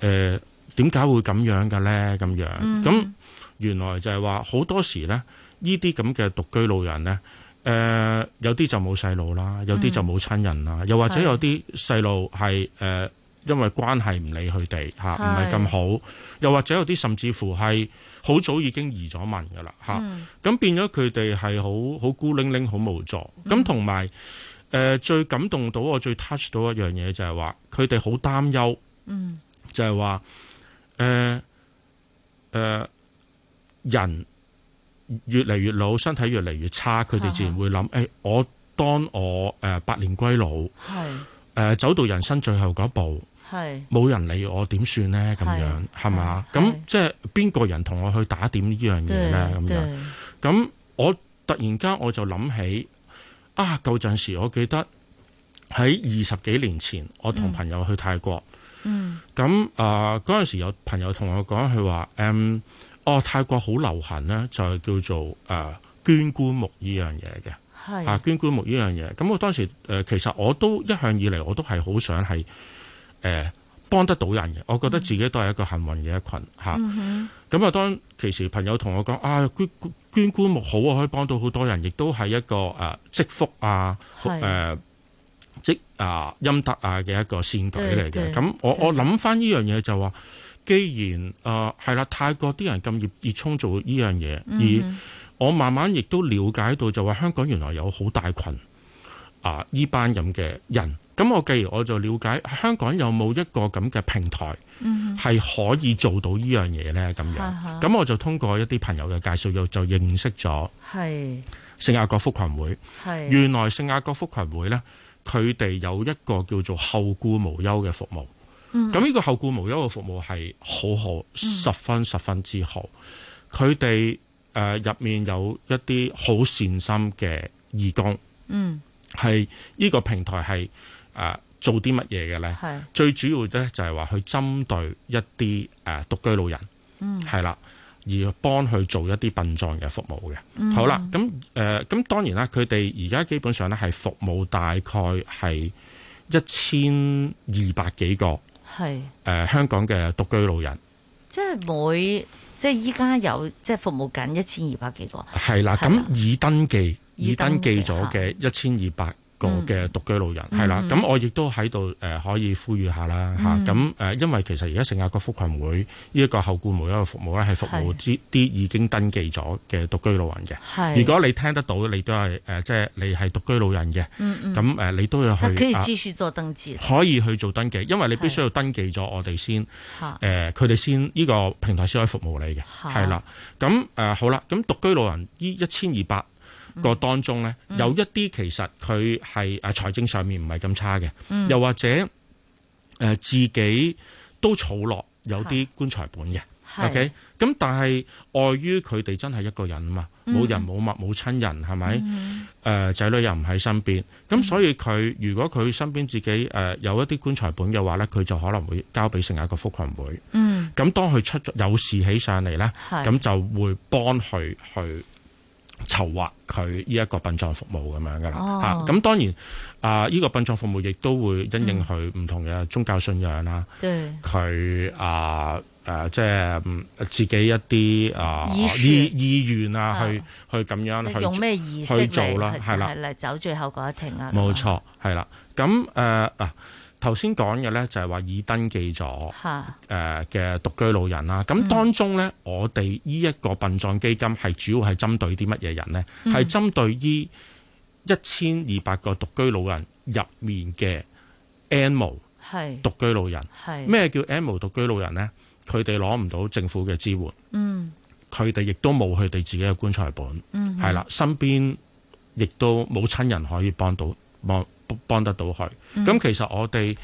誒點解會咁樣嘅咧？咁樣咁、嗯嗯、原來就係話好多時咧，呢啲咁嘅獨居老人咧，誒有啲就冇細路啦，有啲就冇親人啦、嗯嗯，又或者有啲細路係誒。呃因為關係唔理佢哋嚇，唔係咁好。又或者有啲甚至乎係好早已經移咗民嘅啦嚇。咁、嗯、變咗佢哋係好好孤零零、好無助。咁同埋誒最感動到我最 touch 到一樣嘢就係話佢哋好擔憂。嗯，就係話誒誒人越嚟越老，身體越嚟越差，佢哋自然會諗：誒、欸、我當我誒、呃、百年歸老，係誒、呃、走到人生最後嗰一步。.係冇人理我，點算呢？咁樣係咪？咁即係邊個人同我去打點呢樣嘢呢？咁樣咁，我突然間我就諗起啊，舊陣時我記得喺二十幾年前，我同朋友去泰國。嗯。咁啊，嗰、呃、陣時有朋友同我講，佢話，嗯，哦，泰國好流行呢就係、是、叫做誒、呃、捐棺木呢樣嘢嘅。啊，捐棺木呢樣嘢，咁我當時誒、呃，其實我都一向以嚟我都係好想係。誒幫得到人嘅，我覺得自己都係一個幸運嘅一群。嚇。咁啊，當其時朋友同我講啊捐捐，捐捐棺木好啊，可以幫到好多人，亦都係一個誒積、啊、福啊誒積啊陰德啊嘅、啊、一個善舉嚟嘅。咁我我諗翻呢樣嘢就話，既然誒係、啊、啦，泰國啲人咁熱熱衷做呢樣嘢，而我慢慢亦都了解到就話香港原來有好大群啊呢班咁嘅人。咁我，繼而我就了解香港有冇一個咁嘅平台，係可以做到呢樣嘢呢。咁樣咁我就通過一啲朋友嘅介紹，又就認識咗聖雅各福群會。原來聖雅各福群會呢，佢哋有一個叫做後顧無憂嘅服務。咁、mm-hmm. 呢個後顧無憂嘅服務係好好十分十分之好。佢哋入面有一啲好善心嘅義工。嗯、mm-hmm.，係、這、呢個平台係。誒、啊、做啲乜嘢嘅咧？最主要咧就係話去針對一啲誒獨居老人，係、嗯、啦，而幫佢做一啲殯葬嘅服務嘅、嗯。好啦，咁誒咁當然啦，佢哋而家基本上咧係服務大概係一千二百幾個，係誒、呃、香港嘅獨居老人，即係每即係依家有即係服務緊一千二百幾個，係啦。咁已登記已登記咗嘅一千二百。嘅、嗯、獨居老人係、嗯嗯、啦，咁我亦都喺度、呃、可以呼籲下啦嚇，咁、嗯啊呃、因為其實而家成個福群會呢一個後顧無憂嘅服務咧，係服務啲已經登記咗嘅獨居老人嘅。如果你聽得到，你都係、呃、即係你係獨居老人嘅，咁、嗯嗯、你都要去可以繼續做登記、啊、可以去做登記，因為你必須要登記咗，我哋先佢哋先呢個平台先可以服務你嘅，係啦。咁、呃、好啦，咁獨居老人呢一千二百。1, 個、嗯、當中呢，有一啲其實佢係誒財政上面唔係咁差嘅、嗯，又或者誒、呃、自己都儲落有啲棺材本嘅。O K，咁但係礙於佢哋真係一個人啊嘛，冇、嗯、人冇物冇親人係咪？誒仔、嗯呃、女又唔喺身邊，咁、嗯、所以佢如果佢身邊自己誒、呃、有一啲棺材本嘅話呢，佢就可能會交俾聖雅各福群會。嗯，咁當佢出咗有事起上嚟呢，咁就會幫佢去。籌劃佢呢一個殯葬服務咁樣噶啦，吓，咁當然啊，呢個殯葬服務亦都會因應佢唔同嘅宗教信仰啦，佢啊誒，即係自己一啲啊意意願啊，去去咁樣去用咩儀式去做啦，係啦，嚟走最後過程啦。冇錯，係啦，咁誒啊。頭先講嘅呢就係話已登記咗誒嘅獨居老人啦，咁、嗯、當中呢，我哋呢一個殯葬基金係主要係針對啲乜嘢人呢？係、嗯、針對於一千二百個獨居老人入面嘅 M 無係獨居老人，咩叫 M 無獨居老人呢？佢哋攞唔到政府嘅支援，嗯，佢哋亦都冇佢哋自己嘅棺材本，嗯，係啦，身邊亦都冇親人可以幫到。望幫幫得到佢。咁其實我哋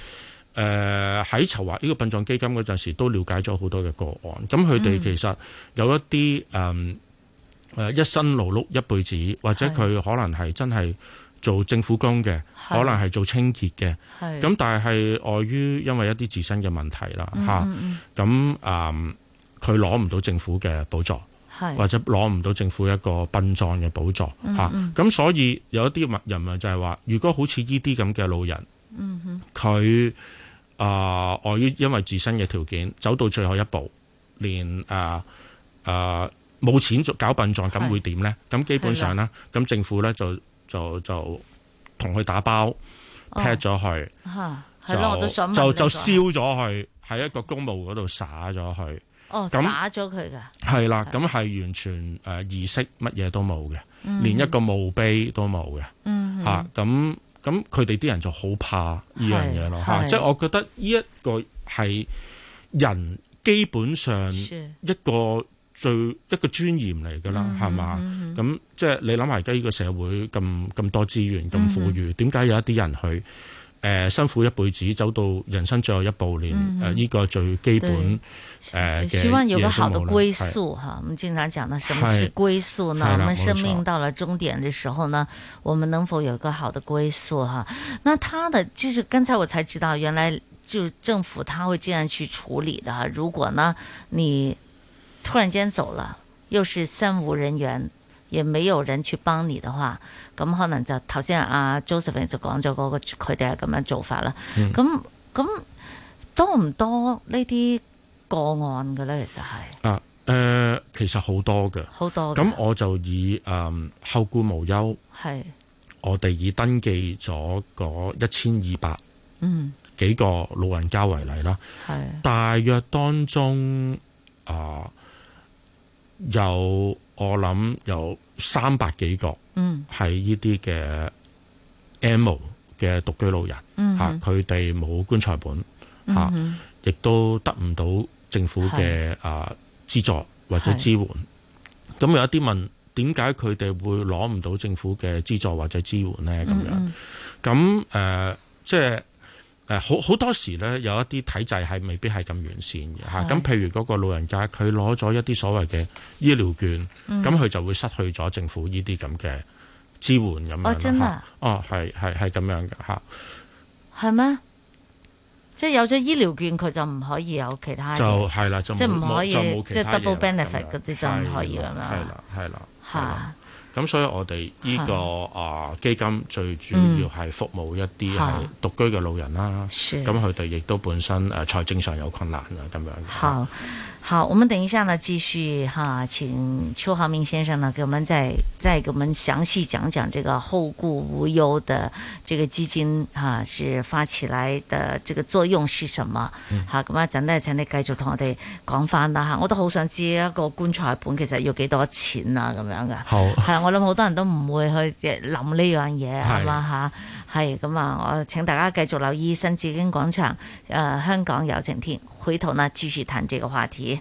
誒喺籌劃呢個殯葬基金嗰陣時，都了解咗好多嘅個案。咁佢哋其實有一啲誒誒，一生勞碌一輩子，或者佢可能係真係做政府工嘅，可能係做清潔嘅。咁但係礙於因為一啲自身嘅問題啦吓。咁、嗯、誒，佢攞唔到政府嘅補助。或者攞唔到政府一個殯葬嘅補助吓，咁、嗯嗯啊、所以有一啲人咪就係話，如果好似依啲咁嘅老人，佢、嗯、啊，礙於、呃、因為自身嘅條件走到最後一步，連啊誒冇錢做搞殯葬，咁會點咧？咁基本上咧，咁政府咧就就就同佢打包劈咗佢吓，我都想就就燒咗佢喺一個公墓嗰度灑咗佢。哦，打咗佢噶，係啦，咁係完全誒儀、呃、式乜嘢都冇嘅、嗯，連一個墓碑都冇嘅，吓咁咁佢哋啲人就好怕呢樣嘢咯吓，即係、啊就是、我覺得呢一個係人基本上一個最、一個最一個尊嚴嚟噶啦，係、嗯、嘛？咁即係你諗下而家呢個社會咁咁多資源咁富裕，點、嗯、解有一啲人去？呃，辛苦一輩子，走到人生最後一步，連誒呢、嗯呃呢個最基本呃嘅嘢都冇咧。希望有個好的歸宿哈，我們經常講的什麼是歸宿呢？我們生命到了終點的時候呢，我們能否有個好的歸宿哈？那他的，就是剛才我才知道，原來就政府他會這樣去處理的。如果呢，你突然間走了，又是三無人員。也沒有人去幫你的話，咁可能就頭先阿 Josephine 就講咗嗰個佢哋係咁樣做法啦。咁、嗯、咁多唔多呢啲個案嘅咧？其實係啊，誒、呃，其實好多嘅，好多。咁我就以誒、呃、後顧無憂係，我哋以登記咗嗰一千二百嗯幾個老人家為例啦，係大約當中啊、呃、有。我諗有三百幾個，係呢啲嘅 MO 嘅獨居老人。吓，佢哋冇棺材本，吓亦都得唔到政府嘅啊資助或者支援。咁有一啲問，點解佢哋會攞唔到政府嘅資助或者支援呢？嗯，咁樣咁誒，即係。誒好好多時咧，有一啲體制係未必係咁完善嘅吓。咁譬如嗰個老人家，佢攞咗一啲所謂嘅醫療券，咁、嗯、佢就會失去咗政府呢啲咁嘅支援咁樣。哦，真係？哦，係係係咁樣嘅吓？係咩？即係有咗醫療券，佢就唔可以有其他。就係啦，即係唔可以即係 double benefit 嗰啲就唔可以咁樣。係啦，係啦，吓。咁所以我哋呢個啊基金最主要係服務一啲係獨居嘅老人啦，咁佢哋亦都本身誒財政上有困難啦，咁樣。好，我們等一下呢，繼續哈，請邱浩明先生呢，給我們再再給我們詳細講講這個後顧無憂的這個基金哈，是發起來的這個作用是什麼？嗯、哈，咁一陣呢，請你繼續同我哋講翻啦，哈，我都好想知一個棺材本其實要幾多錢啊，咁樣噶，係啊，我諗好多人都唔會去諗呢樣嘢係嘛，吓。 係咁啊！我請大家繼續留意新紫荊廣場，誒、呃，香港有情天，回頭呢繼續談這個話題。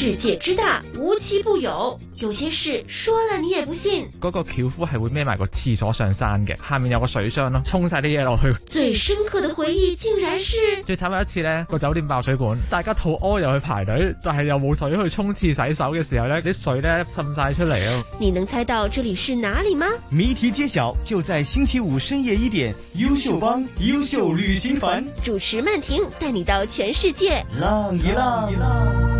世界之大，無奇不有。有些事說了你也不信。嗰、那個轎夫係會孭埋個廁所上山嘅，下面有個水箱咯，沖晒啲嘢落去。最深刻的回憶，竟然是最慘嘅一次呢，個酒店爆水管，大家肚屙又去排隊，但係又冇水去沖廁洗手嘅時候呢，啲水呢滲晒出嚟。你能猜到這裏是哪裏嗎？謎題揭曉，就在星期五深夜一點，優秀幫優秀旅行團主持曼婷帶你到全世界浪一浪，浪。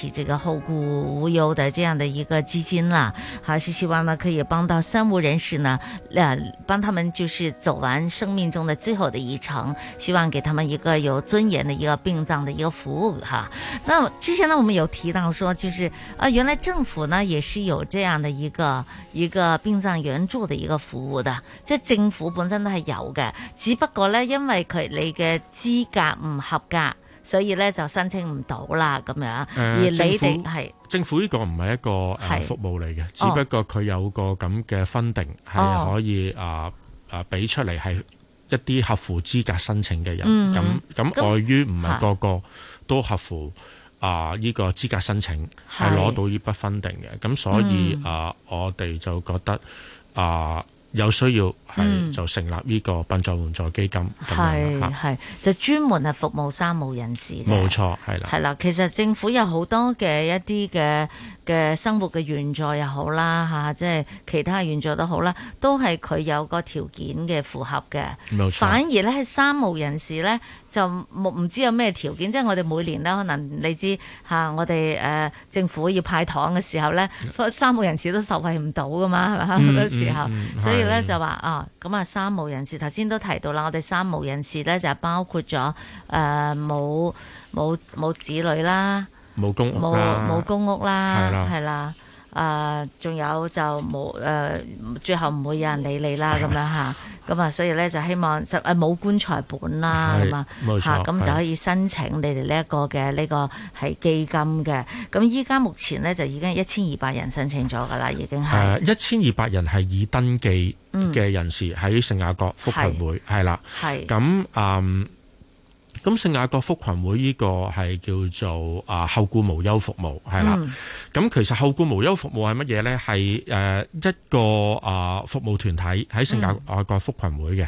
起這個後顧無憂的這樣的一個基金啦，還是希望呢可以幫到三無人士呢，呃，幫他們就是走完生命中的最後的一程，希望給他們一個有尊嚴的一個殯葬的一個服務哈。那之前呢，我們有提到說，就是啊、呃，原來政府呢也是有這樣的一個一個殯葬援助的一個服務的，這政府本身都係有嘅，只不過呢因為佢你嘅資格唔合格。所以咧就申請唔到啦，咁樣，呃。而你哋係政府呢個唔係一個服務嚟嘅，哦，只不過佢有個咁嘅分定係可以啊，啊俾出嚟係一啲合乎資格申請嘅人。咁、嗯、咁外於唔係個個都合乎啊呢，啊呢個資格申請係攞到呢筆分定嘅。咁所以、嗯、啊，我哋就覺得啊。有需要係就成立呢個殯葬援助基金，係、嗯、係就專門係服務三無人士。冇錯，係啦，係啦。其實政府有好多嘅一啲嘅嘅生活嘅援助又好啦，嚇、啊、即、就、係、是、其他援助都好啦，都係佢有個條件嘅符合嘅。冇錯，反而咧係三無人士咧。就冇唔知有咩條件，即係我哋每年咧，可能你知嚇、啊、我哋、呃、政府要派糖嘅時候咧，三無人士都受惠唔到噶嘛，係嘛好、嗯、多時候，嗯嗯、所以咧就話啊，咁啊三無人士頭先都提到啦，我哋三無人士咧就係、是、包括咗誒冇冇冇子女啦，冇公冇冇、啊、公屋啦，係啦、啊。啊、呃，仲有就冇，誒、呃，最後唔會有人理你啦，咁樣吓，咁啊，所以咧就希望誒冇、啊、棺材本啦，咁啊，冇錯，咁就可以申請你哋呢一個嘅呢、這個係基金嘅。咁依家目前咧就已經係一千二百人申請咗噶啦，已經係。一千二百人係已登記嘅人士喺聖雅各福群會係啦。係。咁，嗯。咁聖雅各福群會呢個係叫做啊後顧無憂服務係啦。咁、嗯、其實後顧無憂服務係乜嘢呢？係誒一個啊服務團體喺聖雅各福群會嘅。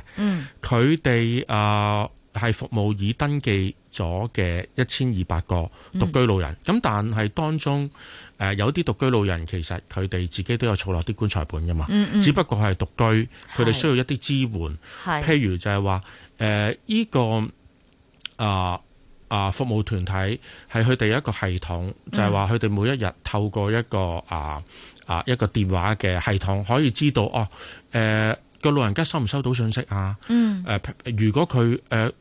佢哋啊係服務已登記咗嘅一千二百個獨居老人。咁、嗯、但係當中誒有啲獨居老人其實佢哋自己都有儲落啲棺材本㗎嘛、嗯嗯。只不過係獨居，佢哋需要一啲支援。譬如就係話誒呢個。啊啊！服務團體係佢哋一個系統，就係話佢哋每一日透過一個啊啊一個電話嘅系統，可以知道哦，誒、啊、個、呃、老人家收唔收到信息啊？嗯、啊，誒如果佢誒。啊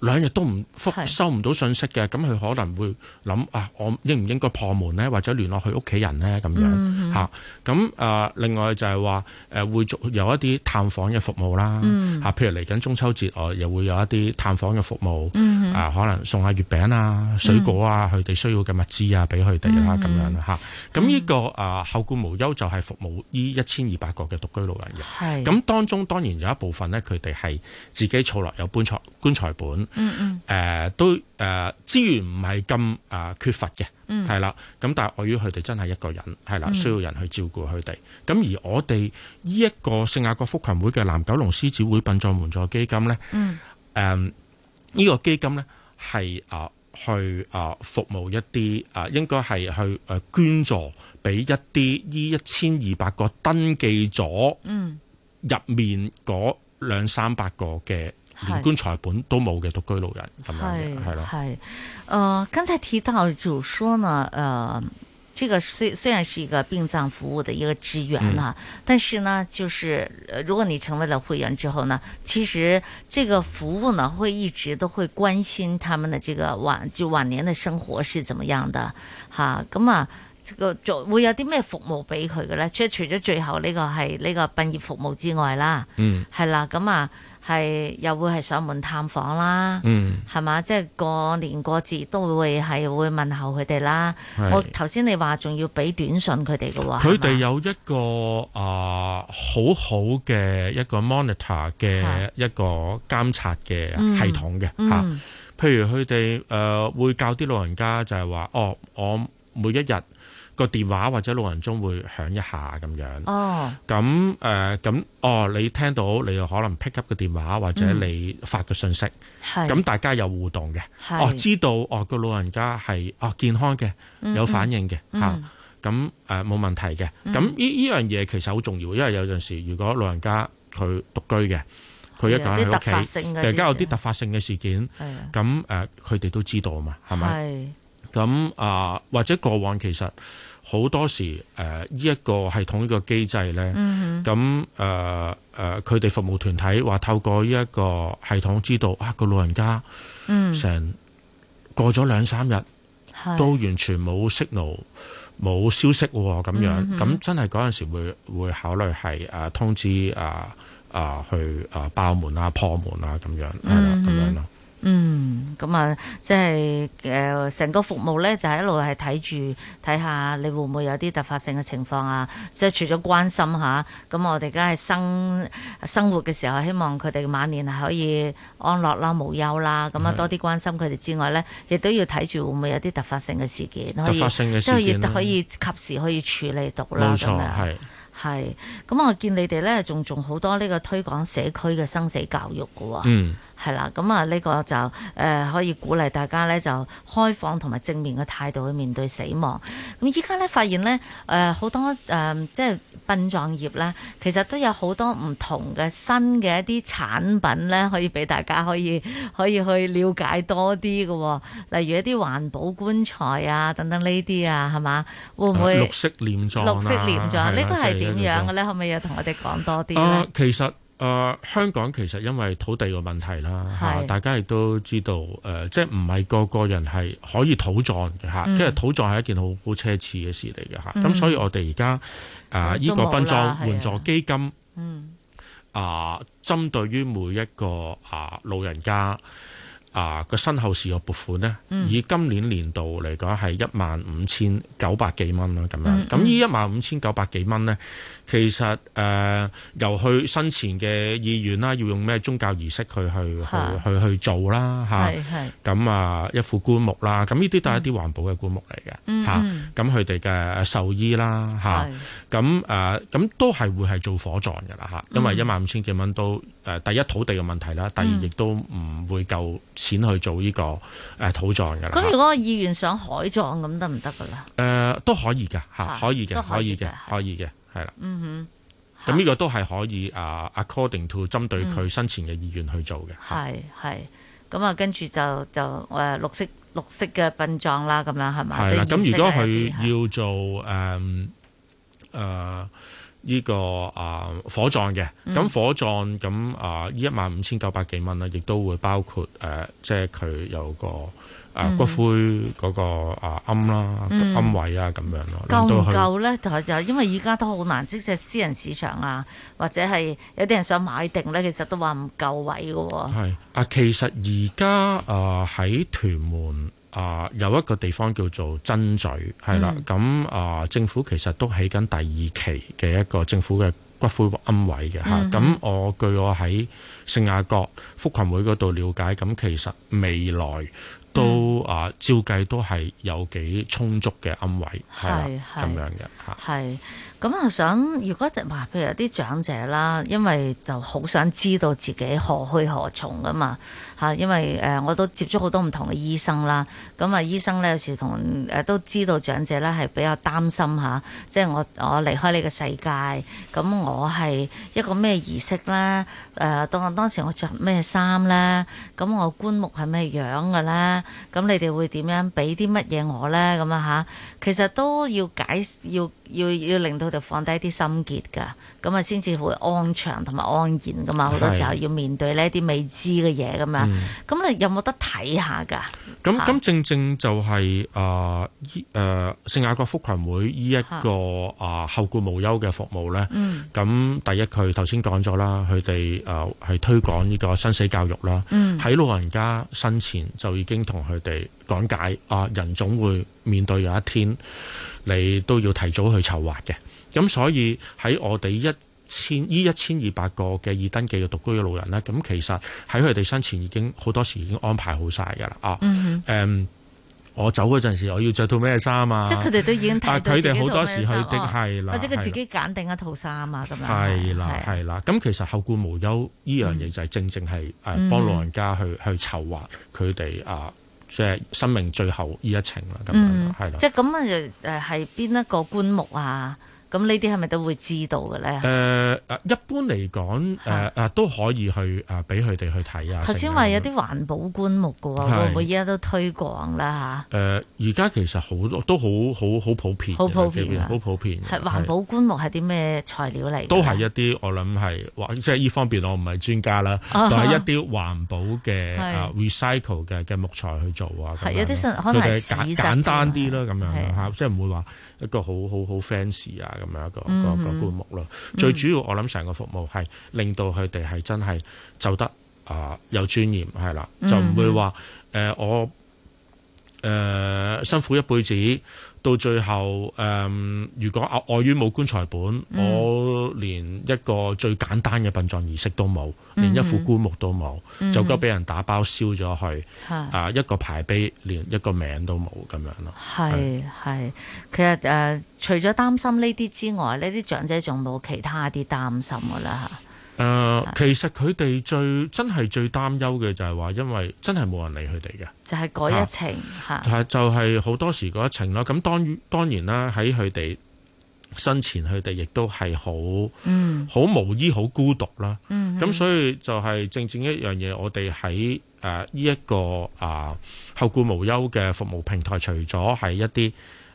兩日都唔復收唔到訊息嘅，咁佢可能會諗啊，我應唔應該破門呢？或者聯絡佢屋企人呢？嗯，咁樣嚇。咁啊，另外就係話誒會續有一啲探訪嘅服務啦、嗯、譬如嚟緊中秋節，我又會有一啲探訪嘅服務、嗯、啊，可能送下月餅啊、水果啊，佢、嗯、哋需要嘅物資啊，俾佢哋啦咁樣嚇。咁、啊、呢、嗯這個啊後顧無憂就係服務呢一千二百個嘅獨居老人嘅。咁當中當然有一部分呢，佢哋係自己儲落有棺材棺材本。嗯嗯，誒、嗯呃，都誒，資、呃、源唔係咁啊缺乏嘅，係、嗯、啦，咁但係礙於佢哋真係一個人，係啦，需要人去照顧佢哋。咁、嗯、而我哋呢一個聖雅各福群會嘅南九龍獅子會殯葬援助基金咧，嗯，誒、呃，呢、這個基金咧係啊去啊服務一啲啊、呃，應該係去誒捐助俾一啲呢一千二百個登記咗，嗯，入面嗰兩三百個嘅。連棺材本都冇嘅獨居老人咁樣嘅係啦，係，誒、呃，剛才提到就說呢，誒、呃，這個雖雖然是一個殯葬服務的一個資源啦，但是呢，就是、呃、如果你成為了會員之後呢，其實這個服務呢會一直都會關心他們的這個晚就晚年的生活是怎麼樣的，哈、啊，咁、嗯、啊，這個就會有啲咩服務俾佢嘅咧？即係除咗最後呢、這個係呢、這個殯、這個、業服務之外啦，嗯，係啦，咁、嗯、啊。係又會係上門探訪啦，係、嗯、嘛，即係過年過節都會係會問候佢哋啦。我頭先你話仲要俾短信佢哋嘅話，佢哋有一個啊、呃、好好嘅一個 monitor 嘅一個監察嘅系統嘅吓、嗯嗯啊。譬如佢哋誒會教啲老人家就係話哦，我每一日。個電話或者老人鐘會響一下咁樣，哦，咁誒，咁、呃、哦，你聽到你又可能 pick up 個電話或者你發個信息，係、嗯，咁大家有互動嘅，哦，知道哦個老人家係哦健康嘅，有反應嘅吓，咁誒冇問題嘅，咁呢依樣嘢其實好重要，因為有陣時如果老人家佢獨居嘅，佢一個人喺屋企，突然間有啲突發性嘅事件，係，咁誒佢哋都知道啊嘛，係咪？係，咁啊、呃、或者過往其實。好多時，誒依一個系統呢個機制咧，咁誒誒佢哋服務團體話透過呢一個系統知道啊個老人家，成過咗兩三日、嗯、都完全冇 signal 冇消息喎咁樣，咁、嗯、真係嗰陣時會、會考慮係通知去誒、啊、爆門啊破門啊咁樣係啦咁樣咯。嗯嗯，咁啊、就是，即係誒，成個服務咧就係、是、一路係睇住，睇下你會唔會有啲突發性嘅情況啊？即係除咗關心吓，咁我哋梗係生生活嘅時候，希望佢哋晚年係可以安樂啦、無憂啦，咁啊多啲關心佢哋之外咧，亦都要睇住會唔會有啲突發性嘅事件，可以即都可，可，可以及時可以處理到啦。冇錯，係係。咁係我見你哋咧仲仲好多呢個推廣社區嘅生死教育噶。嗯。係啦，咁啊呢個就誒、呃、可以鼓勵大家咧，就開放同埋正面嘅態度去面對死亡。咁依家咧發現咧，誒、呃、好多誒、呃、即係殯葬業咧，其實都有好多唔同嘅新嘅一啲產品咧，可以俾大家可以可以去了解多啲嘅、哦，例如一啲環保棺材啊等等呢啲啊，係嘛？會唔會綠色殮葬？綠色殮葬、啊啊這個、呢個係點樣嘅咧？可唔可以又同我哋講多啲、呃、其實。誒、呃、香港其實因為土地個問題啦，嚇大家亦都知道，誒、呃、即係唔係個個人係可以土葬嘅嚇，跟、嗯、住土葬係一件好好奢侈嘅事嚟嘅嚇。咁、嗯、所以我哋而家誒呢個殯葬援助基金，嗯啊、呃，針對於每一個啊、呃、老人家。啊！個身後事個撥款咧、嗯，以今年年度嚟講係一萬五千九百幾蚊啦，咁樣。咁呢一萬五千九百幾蚊咧，其實誒、呃、由佢生前嘅意願啦，要用咩宗教儀式去、啊、去去去，去做啦，咁啊，啊，一副棺木啦，咁呢啲都係一啲環保嘅棺木嚟嘅，咁佢哋嘅壽衣啦，咁、啊、咁、啊啊啊、都係會係做火葬嘅啦，嚇、啊。因為一萬五千幾蚊都。誒，第一土地嘅問題啦，第二亦都唔會夠錢去做呢個誒土葬㗎啦。咁、嗯、如果個意願想海葬咁得唔得噶啦？誒、呃、都可以㗎吓、啊，可以嘅，可以嘅，可以嘅，係啦。嗯哼。咁呢個都係可以啊、呃、，according to 針對佢生前嘅意願去做嘅。係係。咁啊，跟住、嗯嗯嗯嗯嗯嗯、就就誒、呃、綠色綠色嘅殯葬啦，咁樣係咪？係啦。咁如果佢要做誒誒？呃呃呢、這個啊火葬嘅咁、嗯、火葬咁啊，呢一萬五千九百幾蚊咧，亦都會包括誒、啊，即係佢有個誒、啊、骨灰嗰、那個啊龕啦龕、嗯、位啊，咁樣咯、嗯、夠唔夠咧？就就因為而家都好難，即係私人市場啊，或者係有啲人想買定咧，其實都話唔夠位嘅喎、啊。係啊，其實而家啊喺屯門。啊、呃，有一個地方叫做曾咀，係啦。咁、嗯、啊，政府其實都起緊第二期嘅一個政府嘅骨灰龕位嘅吓。咁我據我喺聖雅各福群會嗰度了解，咁、嗯嗯嗯嗯嗯嗯嗯、其實未來都啊、呃，照計都係有幾充足嘅龕位，係咁樣嘅。咁啊，想如果，就話，譬如有啲長者啦，因為就好想知道自己何去何從噶嘛，嚇，因為誒，我都接觸好多唔同嘅醫生啦，咁啊，醫生咧有時同誒都知道長者咧係比較擔心嚇，即係我我離開呢個世界，咁我係一個咩儀式咧，誒當當時我着咩衫咧，咁我棺木係咩樣嘅咧，咁你哋會點樣俾啲乜嘢我咧，咁啊嚇，其實都要解要。要要令到就放低啲心結噶。咁啊，先至會安詳同埋安然噶嘛，好多時候要面對呢一啲未知嘅嘢咁樣有有看看。咁你有冇得睇下噶？咁咁正正就係啊依誒聖雅各福群會呢一個啊、呃、後顧無憂嘅服務咧。嗯。咁第一，佢頭先講咗啦，佢哋誒係推廣呢個生死教育啦。喺、嗯、老人家生前就已經同佢哋講解啊、呃，人總會面對有一天，你都要提早去籌劃嘅。咁所以喺我哋一千呢一千二百個嘅已登記嘅獨居嘅老人咧，咁其實喺佢哋生前已經好多時已經安排好晒噶啦。哦，誒，我走嗰陣時，我要着套咩衫啊？即係佢哋都已經睇到自己去定咩衫，或者佢自己揀定一套衫啊，咁樣係啦，係啦。咁其實後顧無憂呢樣嘢就係正正係誒幫老人家去去籌劃佢哋啊，即係生命最後呢一程啦。咁樣係啦，即係咁啊？就誒係邊一個棺木啊？咁呢啲係咪都會知道嘅咧？誒、呃、一般嚟講誒都可以去誒俾佢哋去睇下。頭先話有啲環保棺木㗎喎，我依家都推廣啦嚇。而、呃、家其實好多都好好好普遍，好普遍，好普遍。係環保棺木係啲咩材料嚟？都係一啲我諗係，即係依方面我唔係專家啦，但 係一啲環保嘅、啊、recycle 嘅嘅木材去做啊，係有啲可能簡單啲啦咁樣，即係唔會話一個好好好 fancy 啊～咁樣一個個個棺木咯，嗯嗯、最主要我諗成個服務係令到佢哋係真係走得啊、呃、有尊嚴係啦，嗯、就唔會話誒、呃、我誒、呃、辛苦一輩子。到最後，誒、嗯，如果礙於冇棺材本，嗯、我連一個最簡單嘅殯葬儀式都冇，嗯、哼連一副棺木都冇，嗯、哼就咁俾人打包燒咗去，啊是、呃，一個牌碑連一個名都冇咁樣咯。係係，其實誒、呃，除咗擔心呢啲之外，呢啲長者仲冇其他啲擔心噶啦嚇？誒、呃，其實佢哋最真係最擔憂嘅就係話，因為真係冇人理佢哋嘅，就係、是、嗰一程吓，係、啊啊、就係、是、好多時嗰一程咯。咁當然當然啦，喺佢哋生前，佢哋亦都係好好無依，好孤獨啦。咁、嗯、所以就係正正一樣嘢，我哋喺誒呢一個啊後顧無憂嘅服務平台，除咗係一啲。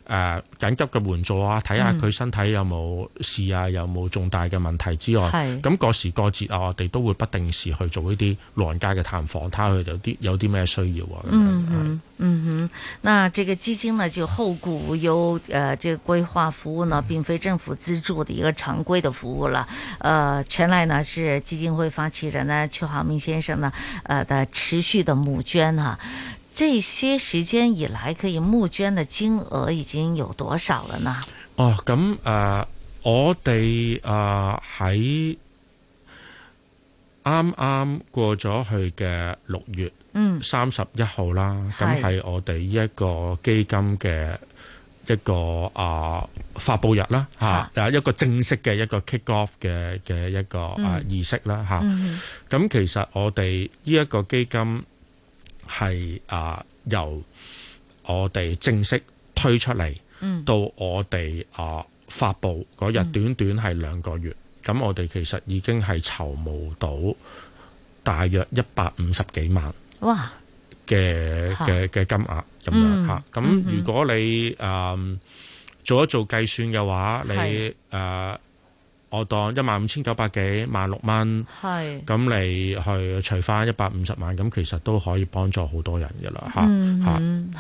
誒、啊、緊急嘅援助啊，睇下佢身體有冇事啊，嗯、有冇重大嘅問題之外，咁過、那個、時過節啊，我哋都會不定時去做呢啲老人家嘅探訪，睇下佢有啲有啲咩需要啊。嗯嗯嗯哼，那呢個基金呢就後顧無憂，誒、呃，這規、個、劃服務呢並非政府資助嘅一個常規嘅服務了，誒、呃，全賴呢是基金會發起人呢邱浩明先生呢，誒、呃、的持續嘅募捐啊。這些時間以來可以募捐的金額已經有多少了呢？哦，咁誒、呃，我哋啊喺啱啱過咗去嘅六月，嗯，三十一號啦，咁係我哋呢一個基金嘅一個啊、呃、發佈日啦，吓，啊一個正式嘅一個 kick off 嘅嘅一個、嗯、啊儀式啦，吓，咁、嗯、其實我哋呢一個基金。係啊、呃，由我哋正式推出嚟，嗯、到我哋啊、呃、發佈嗰日，嗯、短短係兩個月，咁我哋其實已經係籌募到大約一百五十幾萬，哇嘅嘅嘅金額咁、嗯、樣吓。咁、嗯啊、如果你啊、呃、做一做計算嘅話，的你誒。呃我當一萬五千九百幾萬六蚊，係咁你去除翻一百五十萬，咁其實都可以幫助好多人噶啦，吓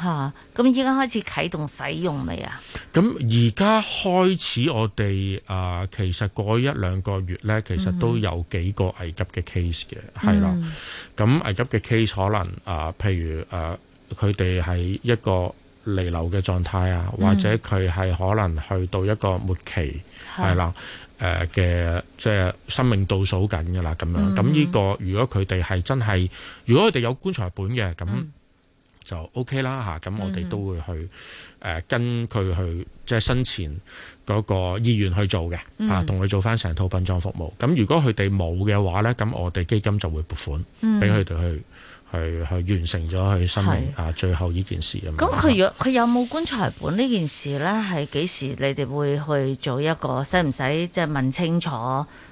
吓咁依家開始啟動使用未啊？咁而家開始我哋誒、呃，其實過一兩個月咧，其實都有幾個危急嘅 case 嘅，係、嗯、啦。咁危急嘅 case 可能誒、呃，譬如誒，佢哋係一個彌留嘅狀態啊，或者佢係可能去到一個末期，係、嗯、啦。誒、呃、嘅即係生命倒數緊㗎啦，咁樣咁呢、mm-hmm. 呢個，如果佢哋係真係，如果佢哋有棺材本嘅，咁就 O、OK、K 啦嚇。咁、mm-hmm. 啊、我哋都會去誒、呃、跟佢去，即係生前嗰個醫院去做嘅同佢做翻成套殯葬服務。咁如果佢哋冇嘅話咧，咁我哋基金就會撥款俾佢哋去。去去完成咗佢生命啊，最後呢件事咁。咁佢有佢有冇棺材本呢件事咧？係幾時？你哋會去做一個使唔使即係問清楚，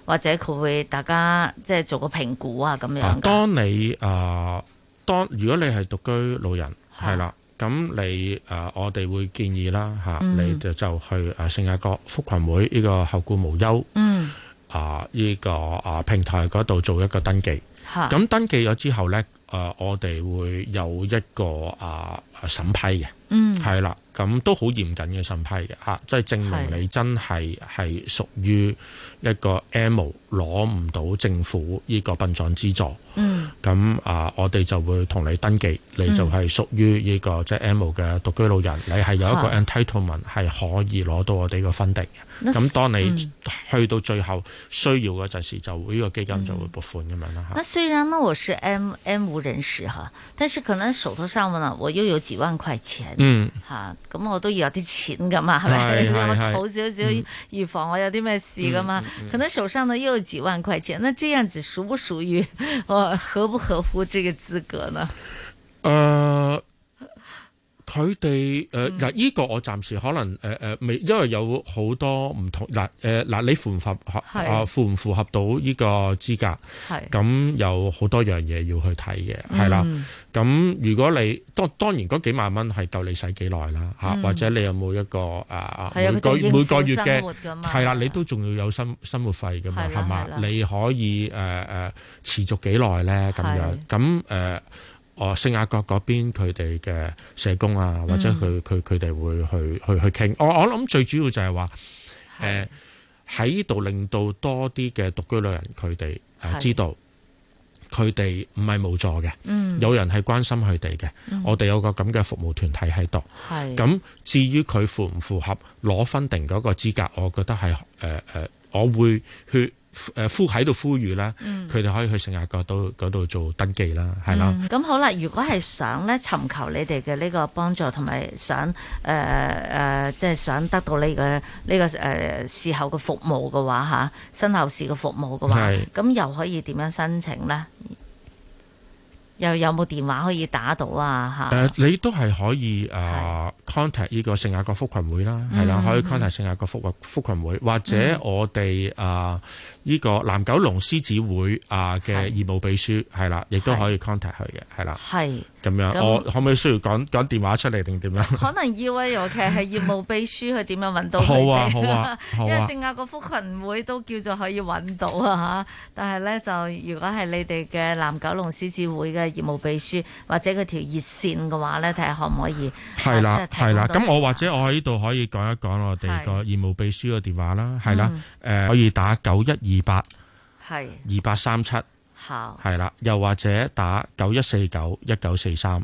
或者佢會大家即係做個評估啊咁樣。當你啊當如果你係獨居老人，係、啊、啦，咁你誒、啊、我哋會建議啦吓、啊，你就就去誒聖雅各福群會呢、這個後顧無憂，嗯啊呢、這個啊平台嗰度做一個登記。咁登記咗之後呢，誒、呃，我哋會有一個啊，呃審批嘅，嗯，係啦，咁都好嚴謹嘅審批嘅吓，即係證明你真係係屬於一個 M 攞唔到政府呢個殯葬資助，嗯，咁啊，我哋就會同你登記，你就係屬於呢個即係 M 嘅獨居老人，嗯，你係有一個 entitlement 係可以攞到我哋個 funding 嘅。咁，嗯，當你去到最後需要嗰陣時，就、這、呢個基金就會撥款咁樣啦。吓，嗯，雖然呢我是 M M 人士吓，但是可能手頭上面呢，我又有幾幾萬塊錢，嗯，吓，咁我都要有啲錢噶嘛，係咪？我儲少少預防我有啲咩事噶嘛，可能、嗯、手上呢又有幾萬塊錢，嗯嗯、那這樣子屬不屬於我、哦、合不合乎這個資格呢？呃。佢哋誒嗱，依、呃這個我暫時可能誒未、呃，因為有好多唔同嗱誒嗱，你符唔符合啊、呃？符唔符合到依個資格？係咁有好多樣嘢要去睇嘅，係、嗯、啦。咁如果你當當然嗰幾萬蚊係夠你使幾耐啦、嗯、或者你有冇一個誒、呃、每個每個月嘅係啦，你都仲要有生生活費嘅嘛係嘛？你可以誒、呃、持續幾耐咧咁樣咁哦，聖雅各嗰邊佢哋嘅社工啊，或者佢佢佢哋會去、嗯、會去去傾。我我諗最主要就係話，誒喺呢度令到多啲嘅獨居老人佢哋知道，佢哋唔係冇助嘅，嗯，有人係關心佢哋嘅。我哋有個咁嘅服務團體喺度，係咁。至於佢符唔符合攞分定嗰個資格，我覺得係誒誒，我會去。誒呼喺度呼籲啦，佢、嗯、哋可以去成日嗰度嗰度做登記啦，係啦。咁、嗯、好啦，如果係想咧尋求你哋嘅呢個幫助，同埋想誒誒、呃呃，即係想得到你、這個呢個誒事後嘅服務嘅話嚇，身後事嘅服務嘅話，咁又可以點樣申請咧？又有冇電話可以打到啊？嚇！誒，你都係可以誒 contact 呢個聖雅各福群會啦，係、嗯、啦，可以 contact 聖雅各福福群會，或者、嗯、我哋誒呢個南九龍獅子會啊嘅義務秘書係啦，亦都可以 contact 佢嘅，係啦，係咁樣，我可唔可以需要講講電話出嚟定點樣？可能要啊，尤其係義務秘書去點樣揾到 好啊，好啊，好啊 因為聖雅各福群會都叫做可以揾到啊嚇，但係咧就如果係你哋嘅南九龍獅子會嘅，業務秘書或者佢條熱線嘅話呢，睇下可唔可以係啦，係啦。咁我或者我喺呢度可以講一講我哋個業務秘書嘅電話啦，係啦，誒，可以打九一二八係二八三七，係啦，又或者打九一四九一九四三。